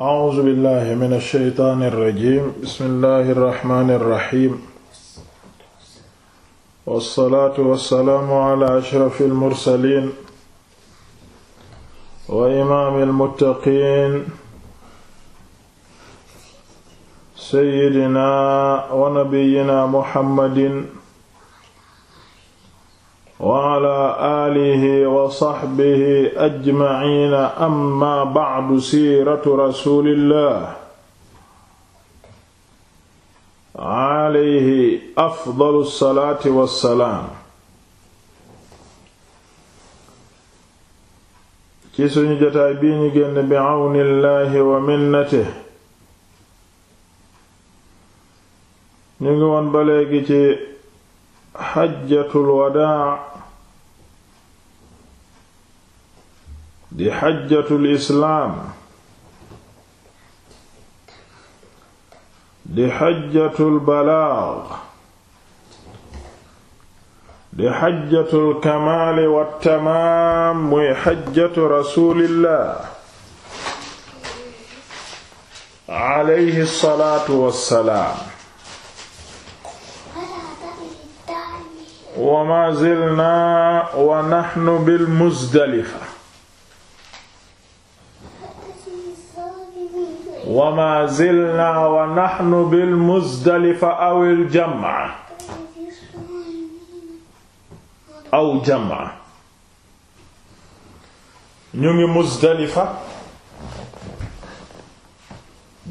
a'uuzu billahi min alsheytaan alrajim bismillahi arrahmani irrahim wassalaatu wassalaamu ala ashrafi almursalin wa imaami almuttaqiin seyyidina wa nabiyina muhammadin wa ala aalihi wa saxbihi ajmaciina amma bacdu siiratu rasuulillah alayhi afdalu salaati bi cawni llahi wa minnatihi léegi ci xajjatul wadaa di xajjatul islaam di xajjatul balaag di xajjatul kamaali wattamaam muy xajjatu rasuulillah alayhi salaatu wassalaam wa ma zilna wa nahnu bil muzdalifa wa ma zilna wa nahnu bil muzdalifa aw al jamaa aw jamaa ñu ngi muzdalifa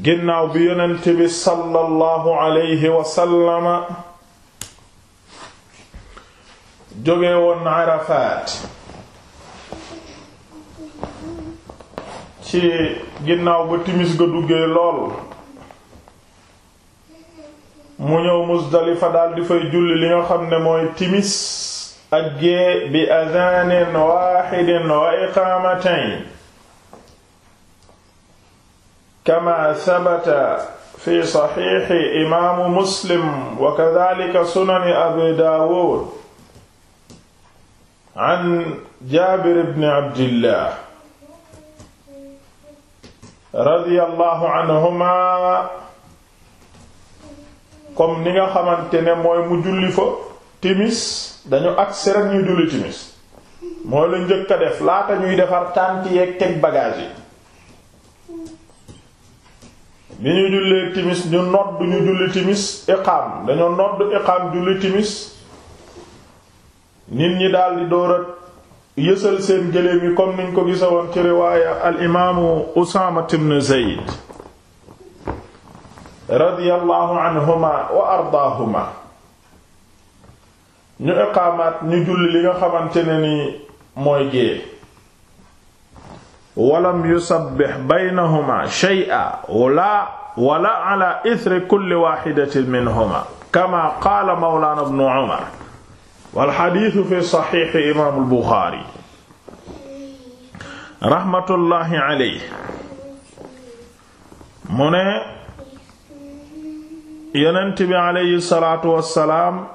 ginnaaw bi yonent bi sallallahu alayhi wa sallama jóge woon Arafat ci ginnaaw ba timis ga duggee lool mu ñëw Muzdalifa daal di fay julli li nga xam ne mooy timis ak gée bi adaanin waaxidin wa iqaamatayn kama sabata fi saxiixi imaamu Muslim wa kadaalika sunani Abi Daawuud an jaabir ibn abdillah radiyallahu anhuma comme ni nga xamante ne mooy mu julli fa timis dañu agsi rekk ñuy julli timis mooy la njëkk a def laata ñuy defar tànt yeeg teg bagage yi bi ñu jullee timis ñu nodd ñu julli timis iqaam dañu nodd iqaam julli timis nit ñi daldi door a yësal seen gëléem yi comme niñ ko gisawoon ci riwaaya al imaamu Usaama ibn Zayd radiyallahu anhuma wa ardaahuma ñu iqaamaat ñu julli li nga xamante ne ni mooy gée walam yusabbih baynahuma shay'a wala wala ala ithri kulli wahidatin minhuma kama qaala mawlaana ibn Umar wal xadiisu fi saxiixi imaamul Buxaari raxmatullaahi aleyhi mu ne yonent bi aleyhi salaatu wassalaam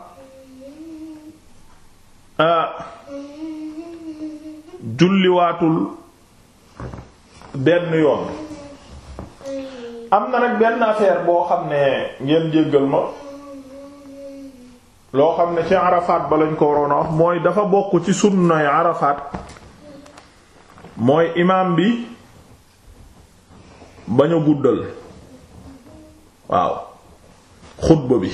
julliwaatul benn yoon am na nag benn affaire boo xam ne ngeen jéggal ma loo xam ne ci Arafat ba lañ ko waroon a wax mooy dafa bokk ci sunnay Arafat mooy imaam bi bañ a guddal waaw xutba bi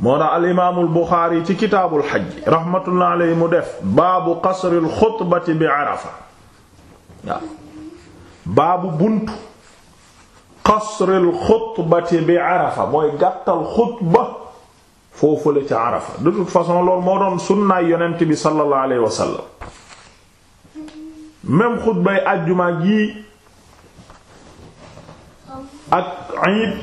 moo tax al imaamul Buxaari ci kitaabul xaj rahmatullah alayhi mu def baabu qasril xutbati bi Arafa waaw baabu buntu qasril xutbati bi Arafa mooy gàttal xutba foofale ca Arafa de toute façon loolu moo doon sunnaay yonent bi sallallahu alayhi wa sallam xutbay àjjuma gi ak iid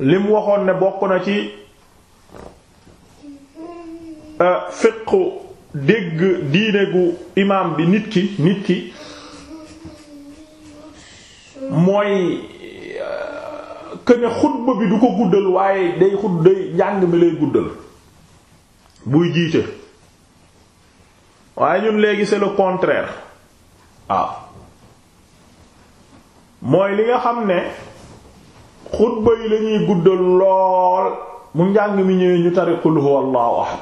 li mu waxoon ne bokk na ci euh, fiqu dégg diine gu imaam bi nit ki nit ki mooy que ne xutba bi du ko guddal waaye day xut day njàng mi lay guddal buy jiite waaye ñun léegi c'est le contraire waaw mooy li nga xam ne xutba yi lañuy guddal lool mu njàng mi ñëwee ñu tari qul huwa allahu ahad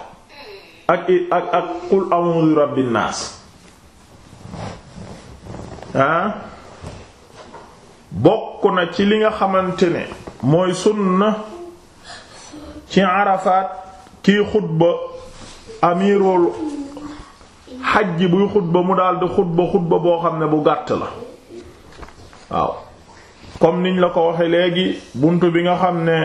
ak ak ak qul a'udhu bi rabbin bokk na ci li nga xamante ne mooy sunna ci arafaat kii xutba amirul xajj buy xutba mu daldi xutba xutba boo xam ne bu gàtt la waaw comme niñ la ko waxe léegi bunt bi nga xam ne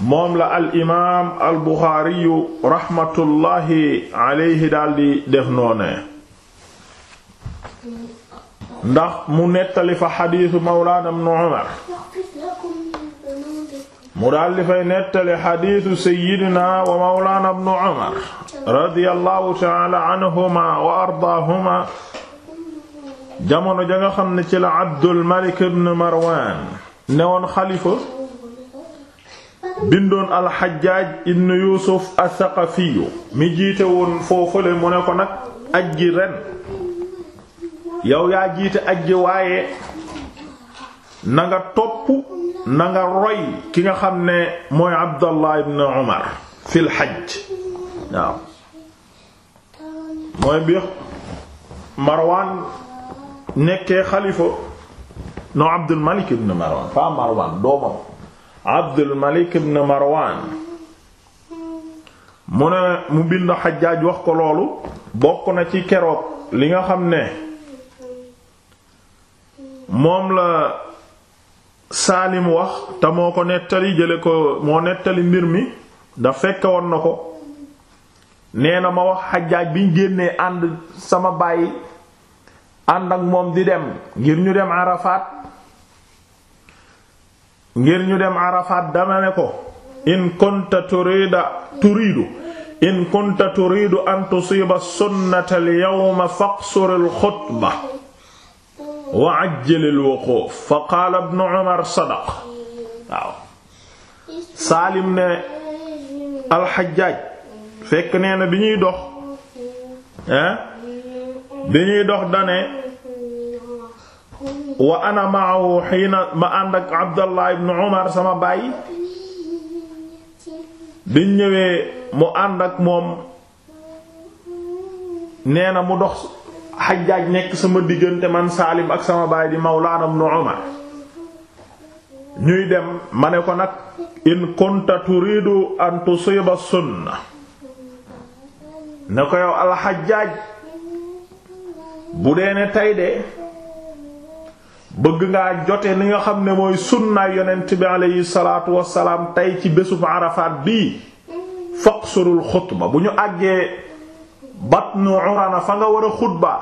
moom la al imaam al buxaari rahmatullahi alayhi daldi def noonee ndax mu nettali fa xadiisu mawlaana ibnu Umar mu daal di fay nettali xadiisu sayyidina wa mawlaana ibnu Umar radiyallahu ta'ala anhuma wa ardaahuma jamono ja nga xam ne ci la Abdul Malik ibn Marwan newoon xalifa bindoon al-Hajjaj ibn Yusuf as-Saqafi mi jiite woon foofule mu ne ko nag ajji ren yow yaa jiite ajj waaye na topp nanga nga roy ki nga xam ne mooy Abdallah ibn Umar fil hajj waaw mooy bi Marwan nekkee xalifa no Abdul Malik ibn Marwan fa Marwan doomam Abdul Malik ibn Marwan mu ne mu bind Hajjaaj wax ko loolu bokk na ci keroog li nga xam ne moom la Saalim wax te moo ko nettali jële ko moo nettali mbir mi da fekke woon na ko nee ma wax xajaaj bi génnee ànd sama bàyyi ànd ak moom di dem ngir ñu dem Arafat ngir ñu dem Arafat dama ne ko in kunta turida turidu in kunta turidu an tusiba sunnata al yawma faqsur al xutba wa ajjalil wuquuf fa qaala ibnu Umar sadaq waaw Saalim ne alxajaaj fekk nee na bi ñuy dox ah bi ñuy dox dane wa ana maahu xiina ma ànd ak Abdallah ibnu Umar sama baay biñ ñëwee mu ànd ak moom nee na mu dox xajjaaj nekk sama diggante man Saalim ak sama baay di Mawlaana ibn Umar ñuy dem ma ne ko nag in kontatu turidu an tusiba sunna ne ko yow alxajjaaj bu dee ne tey de bëgg ngaa jote li nga xam ne mooy sunnaay yonent bi aleyhi salaatu wassalaam tey ci bésub Arafaat bii faqsurul xutba bu ñu àggee batnu urana fa nga war a xutba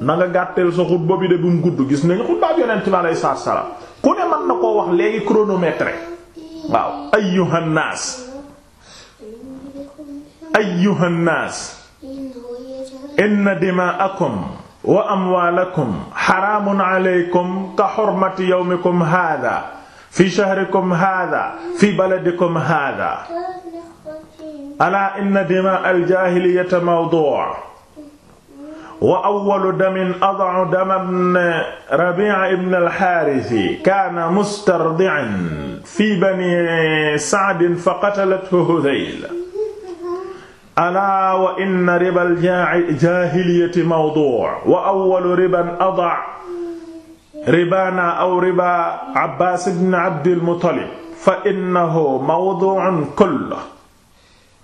na nga gàtteel sa xutba bi de bu mu gudd gis nañu xutba bi yonent bi alayhi salaatu salaam ku ne mën na koo wax léegi chronomètre waaw ayyuhan naas ayyuhan naas inna dima'akum wa amwaalakum xaraamun aleykum ka xormati yawmikum haada fi shahrikum haada fi baladikum haada alaa inna dimaa aljaahiliyata mawduu' wa awwalu damin ada'u dama ibn Rabi'a ibn al-Haaris kaana mustardi'an fii banii Sa'd faqatalathu Hudayl alaa wa inna ribal jaahiliyati mawduu' wa awwalu riban ada'u ribaana aw riba Abbaas ibn Abdil Muttalib fa innahu mawduu'un kulluhu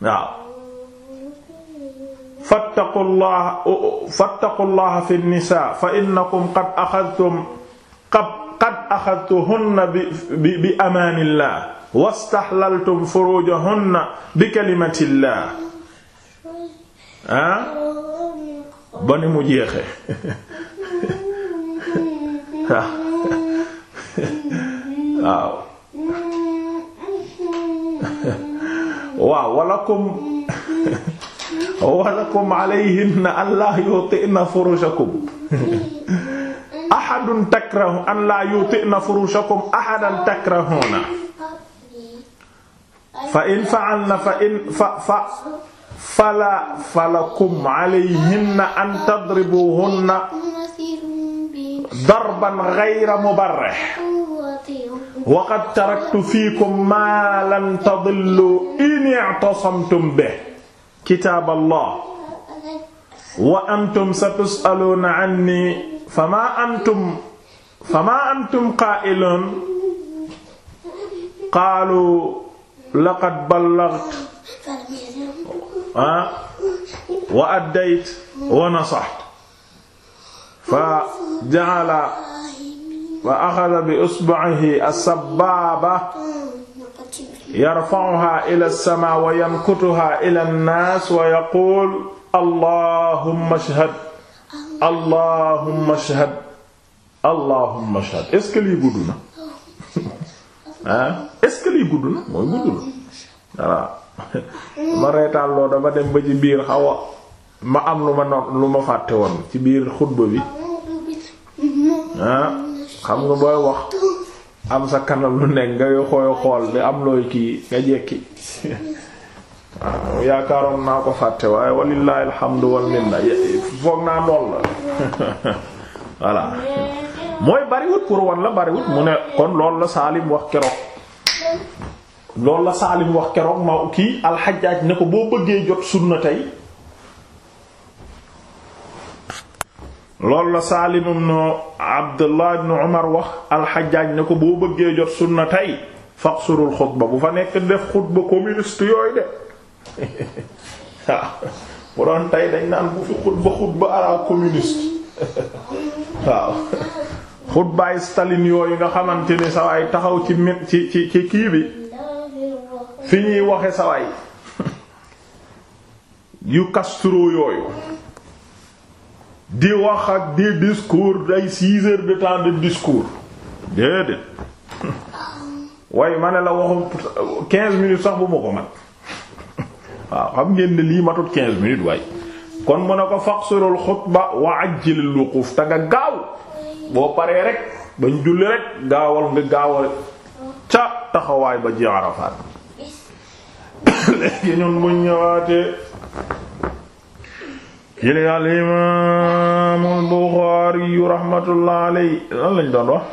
waaw fattaqullaha fattaqullaha fi nisaa fa innakum qad axadtum qad axadtuhunna bi bi amaanillah wastaxlaltum furujahunna bi kalimatillah ah ba ni mu jeexe waaw waaw walakum walakum alayhinna an laa yuti'na furushakum ahadun takrahu an laa yuti'na furushakum ahadan takrahuna fa in fa'alna fa in fa fa fala falakum alayhinna an tadribuhunna darban ghayra mubarrih wa qad taraktu fiikum maa lan tadillu in i'tasamtum bihi kitaab allah wa antum satus'aluuna anni famaa antum famaa antum qaa'iluun qaalu laqad ballagtu ah? wa addaytu wa nasahtu fa ja'ala wa axada bi usbu'ihi as-sabbaaba yarfa'uha ila as-samaa wa ila an-naas wa yaqulu allahumma ashhad allahumma ashhad allahumma ashhad est lii gudd na ah lii gudd mooy gudd na voilà ma loo dama dem ba ci biir xaw ma am lu ma no lu ma ci biir xutba bi xam nga booy wax am sa kanam lu nekk ngay xooy xool di am looy kii nga jekki yaakaaroon naa ko fàtte waaye wallaahi alhamdu wal minna foog naa noonu la voilà mooy bariwut pour wan la bariwut mu ne kon loolu la Saalim wax keroog loolu la Saalim wax keroog ma kii alxajaaj ne ko boo bëggee jot sunna tey loolu la Saalim ibnu Abdullah ibnu Umar wax alxajaaj ne ko boo bëggee jot sunna tey faqsurul xutba bu fa nekk def xutba communiste yooyu de waaw bu doon tey dañ naan bu fi xutba xutba ala communiste waaw xutbaay Staline yooyu nga xamante ni sawaay taxaw ci min ci ci ci kii bi fi ñuy waxe sawaay yu Castro yooyu di wax ak di discours day six heures de temps de discours déedéet waaye ma la waxu quinze minutes sax bu ma ko man waaw xam ngeen lii matut quinze minutes waaye kon mu ne ko faqsirul xutba wa ajjilil wuquf te nga gaaw boo paree rek bañ julli rek gaawal nga gaawal ca taxawaay ba ji Arafaat léegi mu ñëwaatee yële al imaam al Buxaari rahmatullah alayhi lan lañ doon wax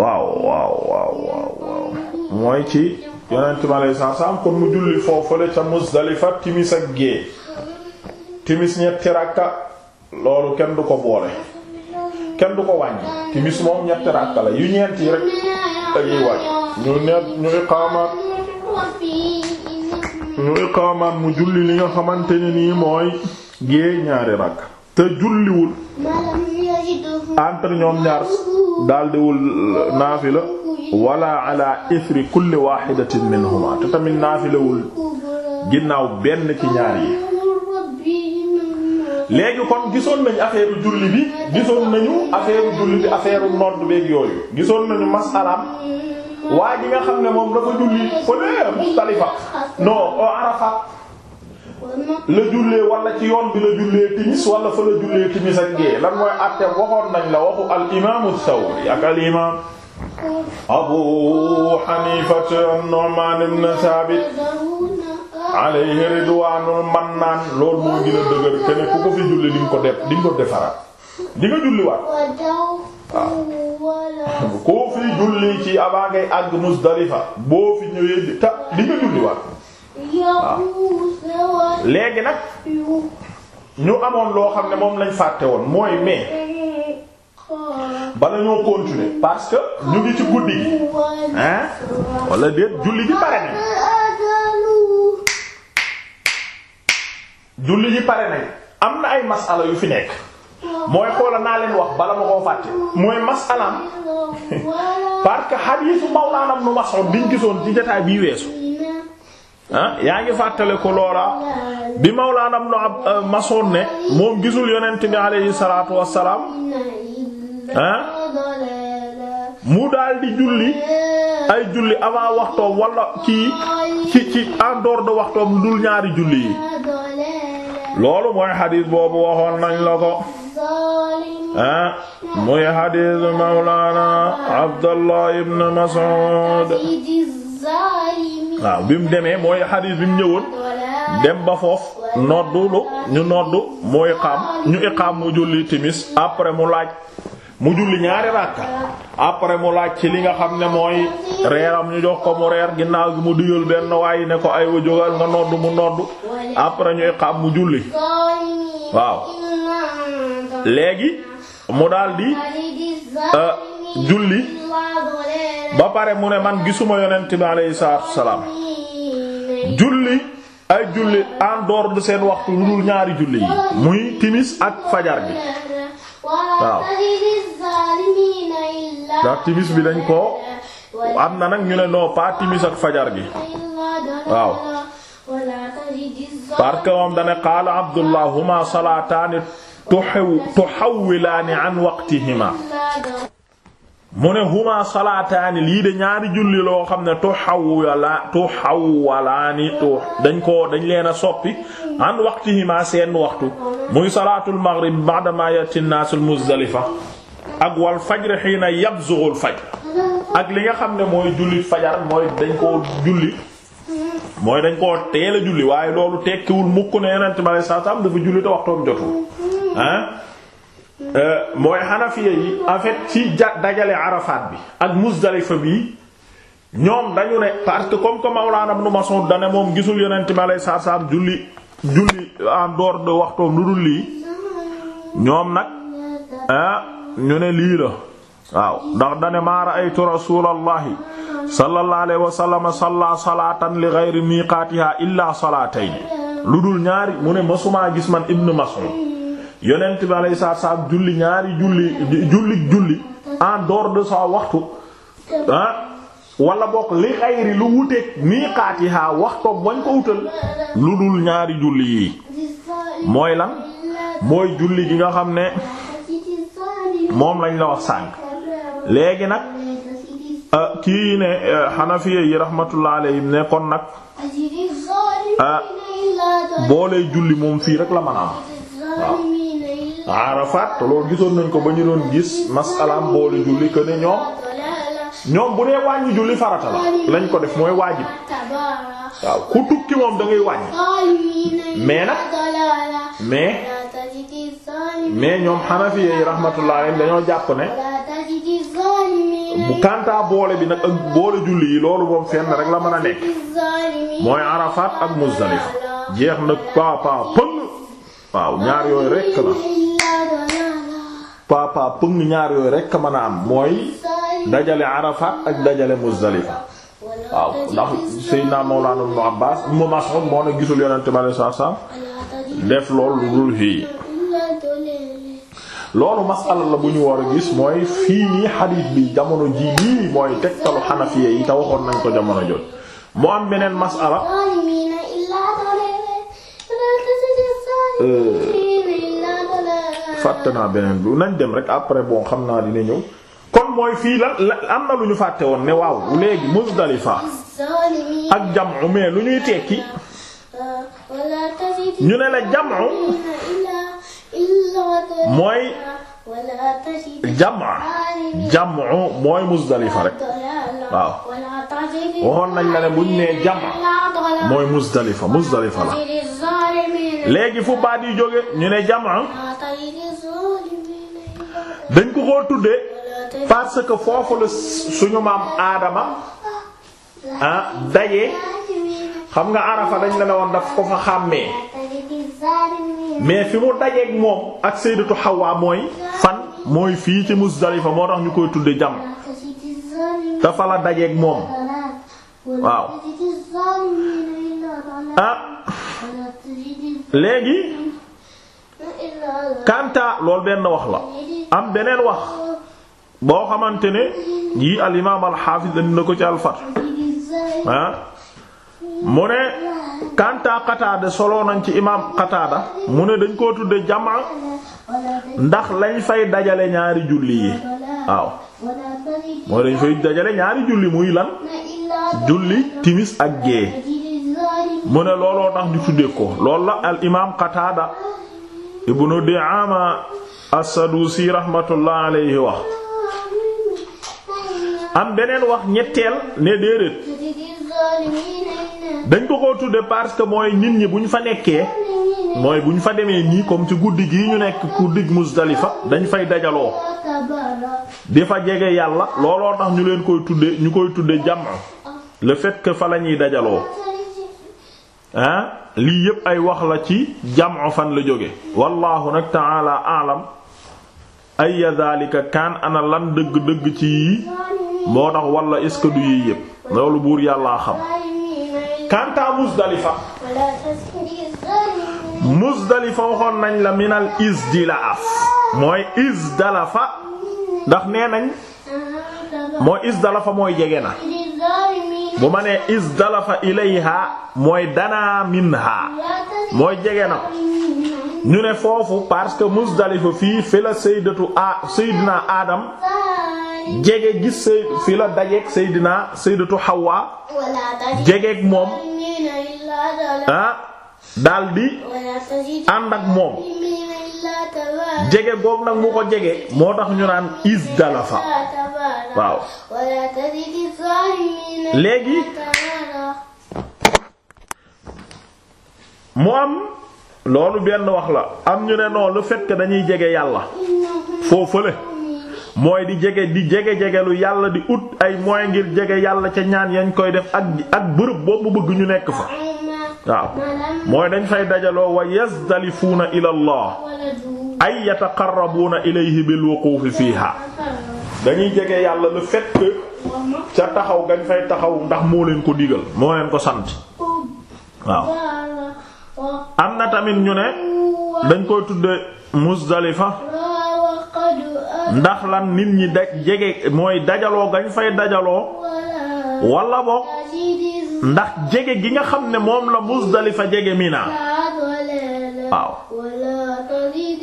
waaw waaw waaw waaw mooy ci yonent mi alayhi salaatu salaam kon mu julli foofule ca Muzdalifa timis ak gée timis ñetti rakka loolu kenn du ko boole kenn du ko wàññi timis moom ñetti rakka la yu ñeent yi rek dañuy wàññi ñu ne ñu iqaamaat ñu iqaamaat mu julli li nga xamante ne nii mooy gée ñaari rakk te julliwul entre ñoom ñaar daldiwul naafila wala ala ithri kulli wahidatin minhuma te tamit naafilawul ginnaaw benn ci ñaar yi léegi kon gisoon nañu affaire julli bi gisoon nañu affaire julli bi affaire nodd beeg yooyu gisoon nañu masalaam waa ji xam ne moom dafa julli fële Mustalifa non Arafat la jullee wala ci yoon bi la jullee timis wala fa la jullee timis ak gée lan mooy àtte waxoon nañ la waxu al imaamu Sawri ak al imaam Abu Hanifa an-Nu'man ibn Thabit alayhi ridwaanul mannaan loolu moo gën a dëgër kenn ku ko fi julli di ko def di nga ko defaraat di nga julliwaat. waaw ah. koo fi julli ci avant ngay àgg Muzdalifa boo fi ñëwee di ta di nga julli waat ah. waaw nag ñu amoon loo xam ne moom lañ fàtte woon mooy mais bala ñoo continuer parce que ñu ci guddi yi hein wala déet julli gi pare nañ julli gi pare nañ am na ay masala yu fi nekk mooy xoola naa leen wax bala ma koo fàtte mooy masalaam parce que xadiisu Mawlaana Ibnu Mas'ud biñ gisoon ci jotaay bii weesu ah, yaa ngi fàttale ko loola bi Mawlaana Ibnu euh, Mas'ud ne moom gisul yonent bi alayhi salaatu wassalaam ah? mu daal di julli ay julli avant waxtoom wala ci ci ci en waxtoom dul ñaari julli yi loolu mooy xadiis boobu waxoon nañ la ko ah muy xadiisu Mawlaana Abdallah ibn Mas'ud waaw ah, bi mu demee mooy xadiis bi mu ñëwoon dem ba foofu noddulu ñu noddu mu iqaam ñu iqaam mu julli timis après mu laaj mu julli ñaari ràkka après mu laaj ci li nga xam ne mooy reeram ñu jox ko mu reer ginnaaw gi mu digal benn waaye ne ko ay wa jógal nga noddu mu noddu après ñu iqaam mu julli waaw léegi mu daldi euh, julli ba pare mu ne man gisuma yonent bi alayhi salaatu wasalaam julli ay julli en dehors seen waxtu lu dul ñaari julli yi muy timis ak fajar bi waaw ndax timis bi dañ ko am na nag ñu ne non pas timis ak fajar bi waaw parce que moom dane qaala tuhawwilaani an waqtihima mu ne huma salaataani lii de ñaari julli loo xam ne tuhawwala tuhawwalaani dañ ko dañ leen a soppi an waqtihima waxtu muy salaatul maghrib ba'da ma yati ak wal fajr hiina yabzughul fajr ak li nga xam ne mooy julli fajar mooy dañ koo julli mooy dañ ko teel a julli waaye loolu tekkiwul mukk ne yonent bi sallallahu alayhi wasallam dafa julli waxtoom jotul ah mooy xanafiya yi en ci dajale Arafat bi ak Muzdalifa bi ñoom dañu ne parce que comme que Mawlana Ibn Mas'ud dane moom gisul yonent mi alayhi salaatu salaam julli julli en dehors de waxtoom lu dul lii ñoom nag ah ñu ne lii la waaw ndax dane ma ra'aytu rasulallahi salaatan li ghayri miqaatiha illa salaatayn lu dul ñaari mu ne masumaa gis man Ibn Mas'ud yonent bi alayhi salaam julli ñaari julli julli julli en dehors de sa waxtu ah wala bokk li xayri lu wuteeg miiqaatihaa waxtoom wañ ko wutal lu dul ñaari julli yi mooy lan booy julli gi nga xam ne moom lañ la wax sànq léegi nag ah, kii ne xanafiya ah, yi rahmatullah alayhim ne kon nag ah, boo julli moom fii rek la mën am Arafat gisoon nañ ko ba ñu doon gis masalaam boole julli ko ne ñoom ñoom bu dee wàññi julli farata la lañ ko def mooy waajib waaw ku tukki moom dangay ngay wàññi mais nag mais mais ñoom Hanafi yi rahmatullah alayhim dañoo jàpp ne bu kantaa boole bi nag ak boole julli yi loolu moom fenn rek la mën a nekk mooy Arafat ak Muzdalifa jeex nag papa pëng waaw ñaar yooyu rekk la papa pëng ñaar yooyu rekk mën a am mooy dajale Arafat ak dajale Muzdalifa waaw ndax Seydina Mawlana Ibn Abbas Ibn Mas'ud moo ne gisul yonente bi saa salaatu salaam def loolu dul fii loolu masala la bu ñu war a gis mooy fii nii xadiis bi jamono ji lii mooy tegtalu xanafiye yi te waxoon nañ ko jamono jot mu am beneen masala Euh, fàtte naa beneen bi nañ dem rek après bon xam naa dina ñëw kon mooy fii la am na lu ñu fàtte woon ne waaw léegi Muzdalifa ak jam'u mais lu ñuy tekki euh, ñu ne la jam'u mooy jamaa jamaa mooy Muzdalifa rek waaw waxoon nañ la ne buñ nee jamaa mooy Muzdalifa Muzdalifa la léegi fu baat yi jóge ñu ne jamaa dañ ko koo tuddee parce que foofu la suñu maam aadama ah daje xam nga arafa dañ la ne woon daf ko fa xàmmee mais fi mu dajeeg moom ak sayyidatu Hawa mooy fan mooy fii ci Muzdalifa moo tax ñu koy tudde jam te fa la dajeeg moom waaw ah. léegi kanta lool benn wax la am beneen wax boo xamante ne yii al imaam al Hafiz na ko ci al ah mu ne kanta Qataada soloo nañ ci imaam Qataada mu ne dañ koo tudde jamaa ndax lañ fay dajale ñaari julli yi waaw moo dañ fay dajale ñaari julli muy lan julli timis ak gée mu ne looloo tax ñu tudde ko loolu la al imaam Qataada ibnu Di'aama as-Sadusi rahmatullah alayhi am beneen wax ñetteel ne déedéet dañ ko ko tudde parce que mooy nit ñi bu ñu fa nekkee mooy bu ñu fa demee nii comme ci guddi gii ñu nekk guddi Muzdalifa dañu fay dajaloo di fa jege yàlla looloo tax ñu leen koy tudde ñu koy tudde jam le fait que fa la ñuy dajaloo lii yépp ay wax la ci jam fan la jóge wallahu nag ta'ala a'lam ay dhalika kaan ana lan dëgg-dëgg ci yii moo tax wala est yii yépp loolu buur yàllaa xam kanta Muzdalifa Muzdalifa waxoon nañ la minal isdilaaf mooy isdalafa ndax nee nañ mooy isdalafa mooy jege na bu ma nee isdalafa ilayha mooy dana minha mooy jege na ñu ne foofu parce que Muzdalifa fii fi la sayyidatu a sayyidina Adam jege gis say fi la dajeeg Seydina Sayyidatu Hawa jegeeg moom ah, ah daldi ànd ak moom jege boobu nag mu ko jege moo tax ñu naan isdalafa waaw léegi mu am loolu benn wax la am ñu ne non le dañuy jege yàlla foofule. mooy di jege di jege-jegelu yàlla di ut ay moyens ngir jege yàlla ca ñaan yañ koy def ak ak bërëb boobu bëgg ñu nekk fa waaw mooy dañ fay dajaloo wa yazdalifuuna ila allah ay yataqarrabuuna ilayhi bil fii fiiha dañuy jege yàlla le fait ca taxaw gañ fay taxaw ndax moo leen ko digal moo leen ko sant waaw am na tamit ñu ne dañ koy tudde Muzdalifa ndax lan nit ñi daj jege mooy dajaloo gañ fay dajaloo wala boog ndax jege gi nga xam ne moom la Muzdalifa jege Mina waaw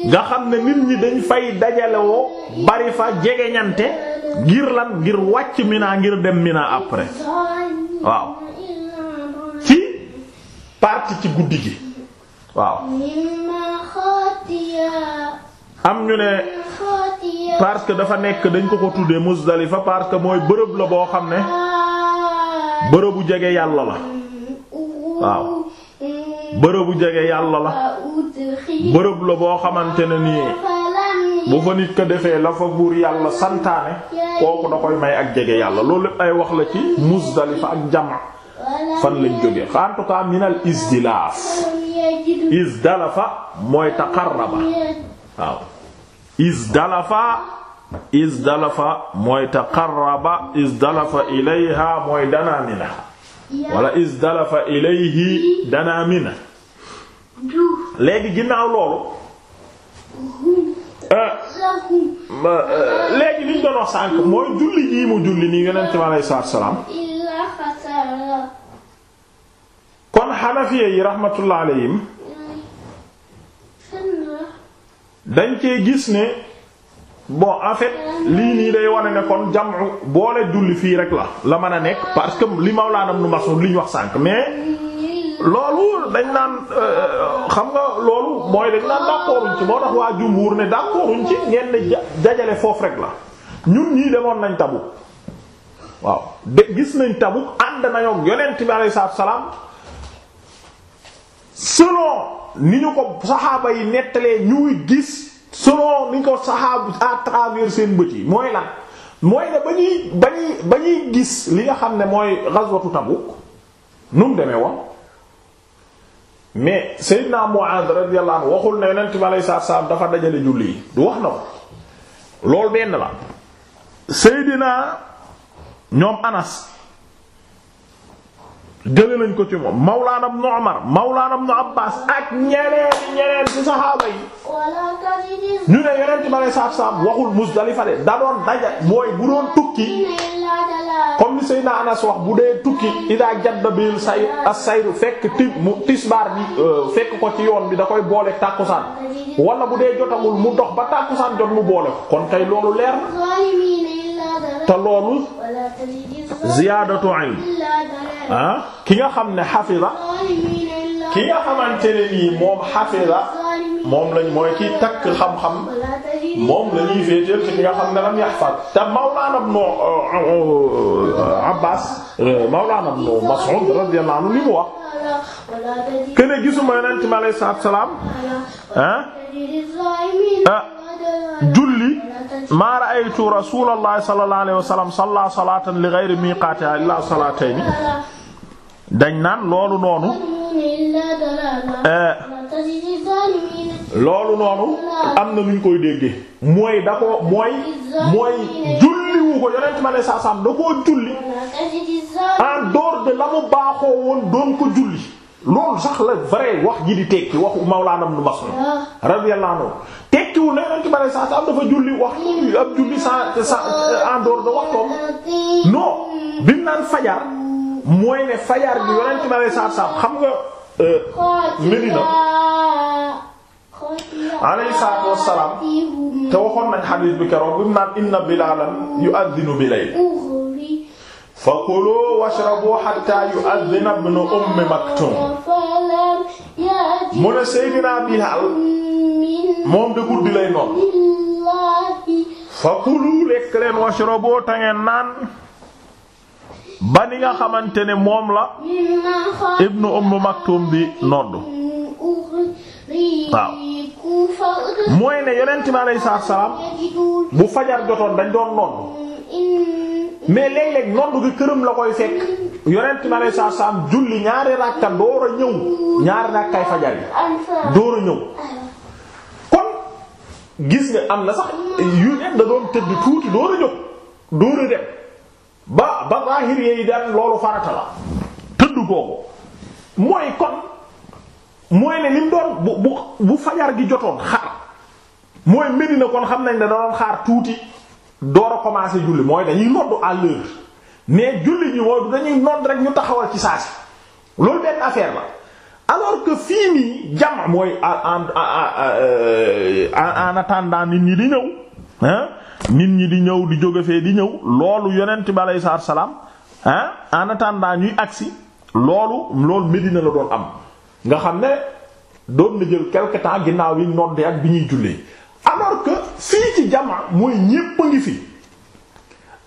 nga xam ne nit ñi dañ fay dajalewoo bari fa jege ñante ngir lan ngir wàcc Mina ngir dem Mina après waaw ci partie ci guddi gi waaw am ñu ne parce que dafa nekk dañ ko ko tuddee fa parce que mooy bërëb la boo xam ne bërëbu jege yàlla la waaw bërëbu jege yàlla la bërëb la boo xamante ne nii bu fa nit ko defee la fa buur yàlla santaane kooku da koy may ak jege yàlla loolu lépp ay wax la ci Muzdalifa ak jama fan lañ jógee en tout cas minal isdilaaf isdalafa mooy taqarraba waaw isdalafa isdalafa mooy taqarraba isdalafa ilayha mooy danaa mina wala isdalafa ilayhi danaa mina léegi ginnaaw loolu euh, léegi liñ doon wax sànk mooy julli jii mu julli nii yonent mi alayhi salaatu salaam kon xanafiya yi rahmatullah alayhim dañ cee gis ne bon en fait lii nii day wane ne kon jamu boole julli fii rek la la mën a nekk parce que li Mawlana Ibn Mas'ud li ñu wax sànq mais loolu dañ naan euh, xam nga loolu mooy dañ naan d'accorduñ ci moo tax waa jumbuur ne d'accorduñ ci ngeen ne dajale foofu rek la ñun ñii demoon nañ Tabuk waaw de gis nañ Tabuk ànd nañoo yonent bi alayhi salaam. selon ni ñu ko saxaaba yi nettalee ñuy gis selon ni ñu ko saxaabu à travers seen bët yi mooy lan mooy ne ba ñuy ba ñuy ba ñuy gis li nga xam ne mooy ghazwatu Tabuk nu mu demee woon mais Seydina Mu'adh radiyallahu anhu waxul na yonent bi alayhi salaatu salaam dafa dajale julli yi du wax na ko loolu benn la Seydina ñoom Anas jële nañ ko ci moom Mawlaana ibn Umar Mawlaana ibn Abbaas ak ñeneen ñeneen ci saxaaba yi ñu ne yeneen ci bale saab-saab waxul Muzdalifa de da doon daja mooy bu doon tukki comme ni Seydina Anas wax bu dee tukki ida jadda bil say as-sayru fekk ti mu tisbaar bi euh, fekk ko ci yoon bi da koy boole tàkkusaan wala bu dee jotamul mu dox ba tàkkusaan jot mu boole ko kon kay loolu leer na te loolu ziyaadatu ilm ah ki nga xam ne xafida ki nga xamante ne nii moom xafida moom lañ mooy ki takk xam-xam moom la ñuy féeteel ci ki nga xam ne lam yaxfad te mawlaana ibnu uh, uh, Abbaas uh, mawlaana ibnu Mas'uud radiyallahu anhu li mu wax kene gisuma yonent mi alayhi salaatu wa salaam ah, ah julli maa ra'aytu rasulallahi sallallahu alayhi wa sallam salla salatan li ghayri dañ naan loolu noonu eh, loolu noonu am na nuñ koy déggee mooy da ko mooy mooy julliwu ko yonent ma ne saa julli en dehors de la baaxoo woon doon ko julli loolu sax la vrai wax ji di tekki waxu Mawlaana Ibn Mas'ud radiyallahu anhu tekkiwul ne Yonent bi sallallahu alayhi wa sallam dafa julli wax ab julli bi mu fajar mooy ne fajar bi Yonent bi sallallahu alayhi wa sallam xam nga euh, Medina alayhi salaatu wassalaam te waxoon nañ xadiis bi keroog bi mu bi layl fa kulu washrabu hatta yu'adhdhina ibnu ummi maktum mu ne Seydina Bilaal moom de guddi lay noon fa kulu lekk leen washrabu ta ngeen naan ba ni nga xamante ne moom la ibnu ummi maktum bi nodd waaw mooy ne yonent mi alayhi salaam bu fajar jotoon dañ doon nodd mais léeg-léeg nondu gi këram la koy fekk yonent mi aleyhi salaatu salaam julli ñaari ràkka door a ñëw ñaari ràkkay fajar yi door a ñëw kon gis nga am na sax yu ne da doon tëdd tuuti door a jóg door a dem ba ba zahir yi daan loolu farata la tëdd googu mooy kon mooy ne lim doon bu bu bu fajar gi jotoon xaar mooy Medina kon xam nañ ne da doon xaar tuuti. door a commencer julli mooy dañuy noddu à l'heure mais julli ñi mooy dañuy nodd rek ñu taxawal ci saa si loolu benn affaire la alors que fii nii jam mooy en en euh, attendant nit ñi di ñëw ah nit ñi di ñëw di jóge fee di ñëw loolu yonent bi aleyhi salaatu salaam ah en attendant ñuy agsi loolu loolu Medina la doon am nga xam ne doon na jël quelque ginnaaw yi noddee ak bi ñuy jullee. alors que fii ci jamaa mooy ñépp ngi fi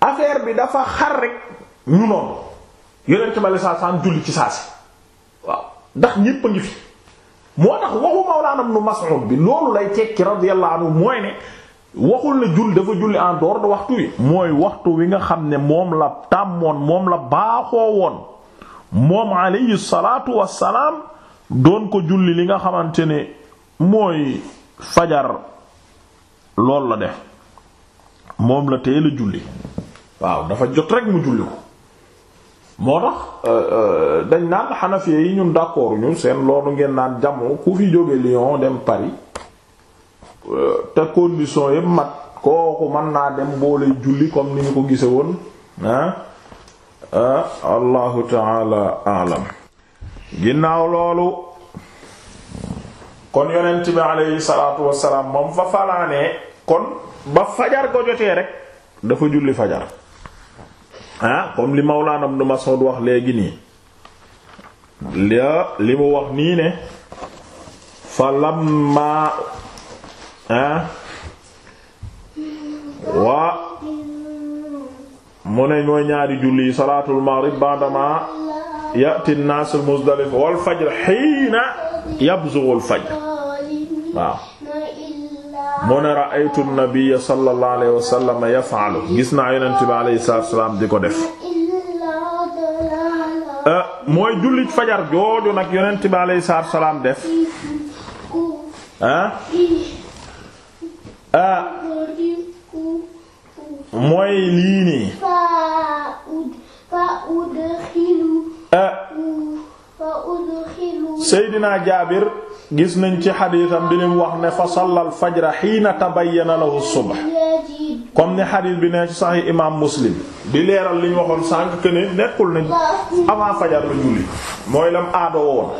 affaire bi dafa xar rek ñu noonu yonent ma la saa julli ci saa waaw ndax ñépp a ngi fi moo tax waxu Mawlaana Ibn Mas'ud bi loolu lay tekki radiyallahu anhu waxtu wi mooy waxtu wi nga xam ne moom la tàmmoon moom la baaxoo woon moom alayhi salaatu wassalaam doon ko julli li nga xamante ne mooy fajar loolu la def moom la teel a julli waaw dafa jot rek mu julli ko moo tax euh, euh, dañ naan Hanafiya yi ñun d'accord ñu seen loolu ngeen naan jamono ku fi jóge Lyon dem Paris euh, te condition yëpp mat kooku mën naa dem boole julli comme ni ñu ko gise woon ah allahu taala alam ginnaaw loolu kon yonent bi aleyhi salaatu wassalaam moom fa falaanee kon ba fajar ko jotee rek dafa julli fajar ah comme li Mawlaana Ibn Mas'ud wax léegi nii li mu wax nii ne fa lamma ah waa mu ne ñooy ñaari julli salaatul maghrib ba'dama ya'ti an-nas al wal fajr hiina yabzughul fajr waaw mu ne ra'aytu nabiyya sallallahu alayhi gis naa yonent bi di ko def eh, mooy jullit fajar jooju nag yonent bi alayhi def ah ah mooy lii nii seydinaa jaabir gis nañ ci xadiisam bi lim wax ne fa sallal fajra xiina tabayyana lahu suba comme ni xadiis bi ne ci saxiix imaam muslim di leeral liñ waxoon sànq ne nekkul nañ avant fajar la julli mooy lam aado woon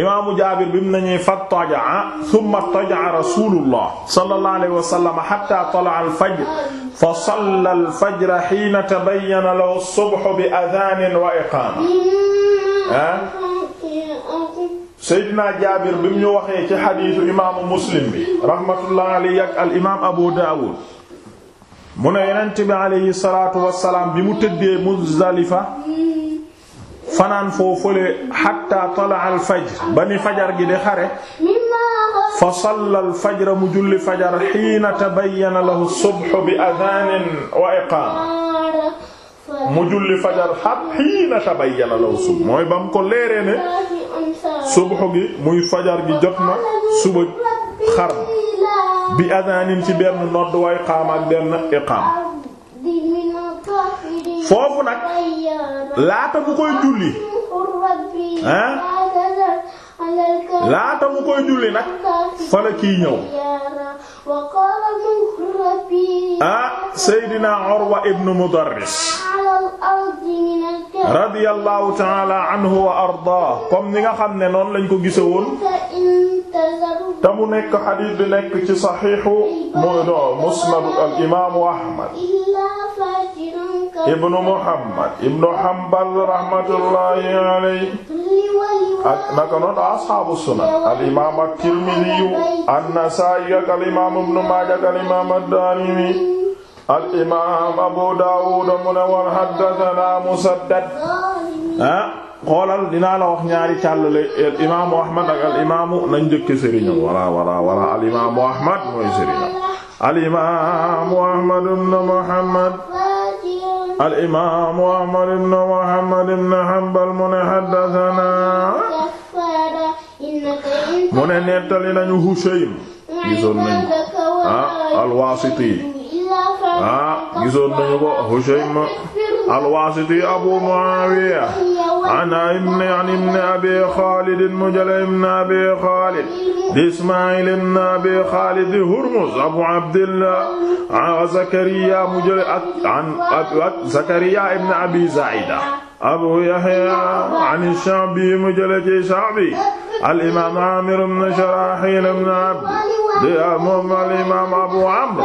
imaamu jaabir bi mu nañuy fa tajaa thumma tajaa rasuulullah sallallahu alayhi wa sallam hatta tala'a al-fajr fa salla bi adhaanin wa iqaama Seydina Jaabir bi mu ñu waxee ci xadiisu imaamu Muslim bi rahmatullahi alayhi ak al imaam Abu Daawud mu ne yonent bi alayhi salaatu wassalaam bi mu tëddee Muzdalifa fanaan foofule xatta tala al fajr ba ni fajar gi di xare fa salla al fajra mu julli fajar xiina tabayyana lahu subh bi adaanin wa iqaama mu julli fajar xaab xiina tabayyana lahu subh mooy ba mu ko leeree ne subxu gi muy fajar gi jot na suba xar bi adaanin ci benn nodd way xaam ak benn iqaam foofu nag laata mu koy julli hein laata mu koy julli nag fa la kii ñëw ah Seydina Urwa ibn Mudarris radiyallahu taala anhu wa ardaa comme ni nga xam ne noonu lañ ko gise woon te mu nekk xadiis bi nekk ci saxiixu mu no musnadu al imaamu Ahmad ibnu muhammad ibnu hanbal rahmatullahi alayhi ak naka noonu ashaabu sunan al imaam at-tirmidhi an-nasaa'i ak al imaam ibnu maaja ak al imaam ad-daarimi al imaam abu daawud mu ne woon haddathanaa musaddad ah xoolal dinaa la wax ñaari càllale al imaamu ahmad ak al imaamu nañ njëkke sëriñam wala wala wala al imaamu ahmad mooy sëriñam al imaamu ahmad ibn muhammad al imaamu ahmad ibn muhammad ibn hanbal mu ne haddasanaa mu ne nettali nañu Hushaym ah, al-Waasiti ah, Abu Muawiya ana ibn an ibn abi xaalid mu jële ibn abi xaalid di ismail ibn abi xaalid di hurmuz abu abdillah a zakariya mu jële ak an ak zakariya ibn abi zaida abu yahya an sha'bi mu jële ci sha'bi al imam amir ibn sharahil ibn abd di moom al-imaam Abu Amr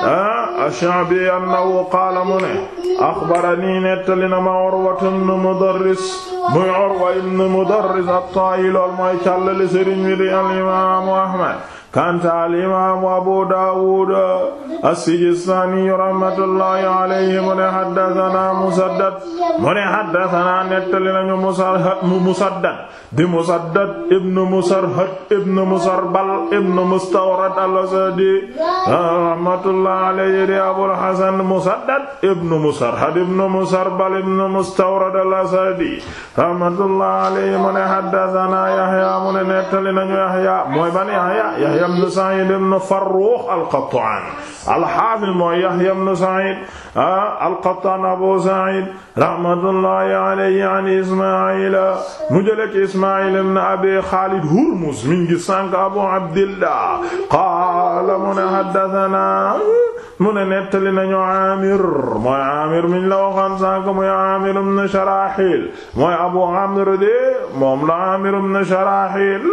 ah, ash-Sha'bi annahu qaala mu ne axbaranii nettali na ma Urwatu ibn Mudarris muy Urwa ibn Mudarris at-Taa'i lool mooy càllale sëriñ wi di al-imaam Ahmad kanta al imaamu abu daawud as-sijistaani rahmatullahi alayhi mu ne haddathana musaddad mu ne haddathana nettali nañu musarhad musaddad di musaddad ibn musarhad ibn musarbal ibn mustawrad al-asadi rahmatullahi alayhi di abul hasan musaddad ibn musarhad ibn musarbal ibn mustawrad al-asadi rahmatullahi alayhi mu ne haddathana yahya mu ne nettali nañu yahya mooy ban yahya yahya Yahya ibn Sa'id ibn Farrukh al-Qattan al-Hafiz mooy Yahya ibn Sa'id ah, al-Qattan Abu Sa'id rahmatullahi alayhi an Isma'ila mu jële ci Isma'il ibn Abi Khalid Hurmuz min ngi sànq Abu Abdillah qaala mu ne haddathana mu ne nettali nañu Amir mooy Amir miñ la waxoon sànq mooy Amir ibn Sharahil mooy Abu Amr de moom la Amir ibn Sharahil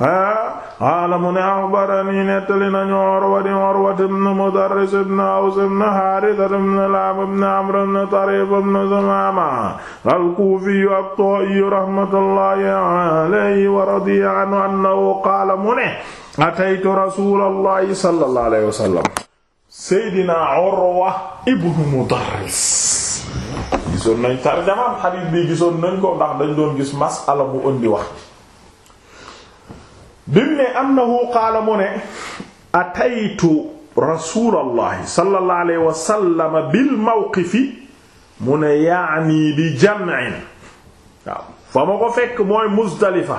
ah, qaala mu ne axbarani nettali nañu Urwa di Urwa ibn Mudarris ibn Aws ibn Haaritha ibn Laam ibn Amr ibn Tariif ibn Zumaama al-Kuufi at-Taa'i rahmatullahi alayhi wa radiya anhu annahu qaala mu ne ataytu rasuulallahi sallallahu alayhi wa sallam Seydina Urwa ibn Mudarris gisoon nañ tarjamaam xadiis bi gisoon nañ ko ndax dañ doon gis masala bu ëndi wax bi mu ne mu ne ataytu rasulallahi sallallahu alayhi wa sallam bil mawqifi mu ne yaani bi jam'in waaw fa ma ko fekk mooy Muzdalifa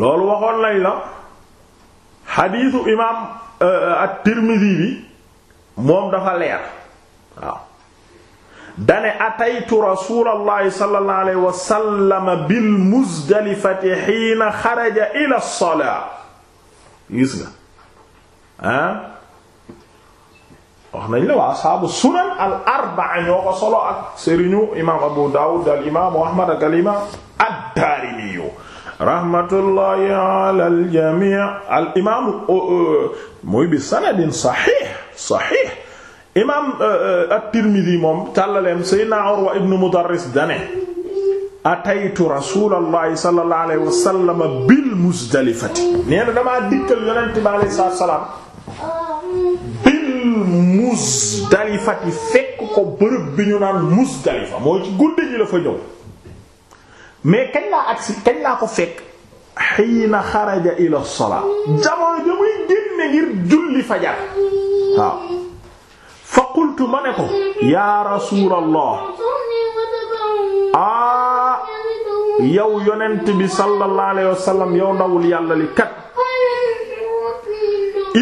loolu waxoon lañ la xadiisu imaam euh, at-Tirmidhi bi moom dafa leer waaw dane ataytu rasulallahi sallallahu alayhi wa sallam bil muzdalifati xiina xaraja ila salaa gis nga ah wax nañ la waa asxaabu sunan al arbaa ñoo ko solo ak sëriñu imaam abu daawud al imaamu ahmad ak al imaam ad-daarimi rahmatullahi ala al jamii al imaamu uh, uh, muy bi sanadin saxiix saxiix imaam euh, euh, at-Tirmidhi moom tàllaleem Seydina Urwa ibn Mudarris dane ataytu rasulallahi sallallahu alayhi wa sallam bil muzdalifati nee na damaa dikkal yonent bi alayhi salaatu wa salaam bil muzdalifati fekk ko bërëb bi ñu naan muzdalifa mooy ci guddi ji la fa ñëw mais kañ laa agsi kañ laa ko fekk xiina xaraja ila salaa jamono ja muy génne ngir julli fajar waaw fa qultu ma ne ko yaa rasuulallah aa ah, yow yonent bi sallallahu alayhi wasallam yow ndawul yàlla li kat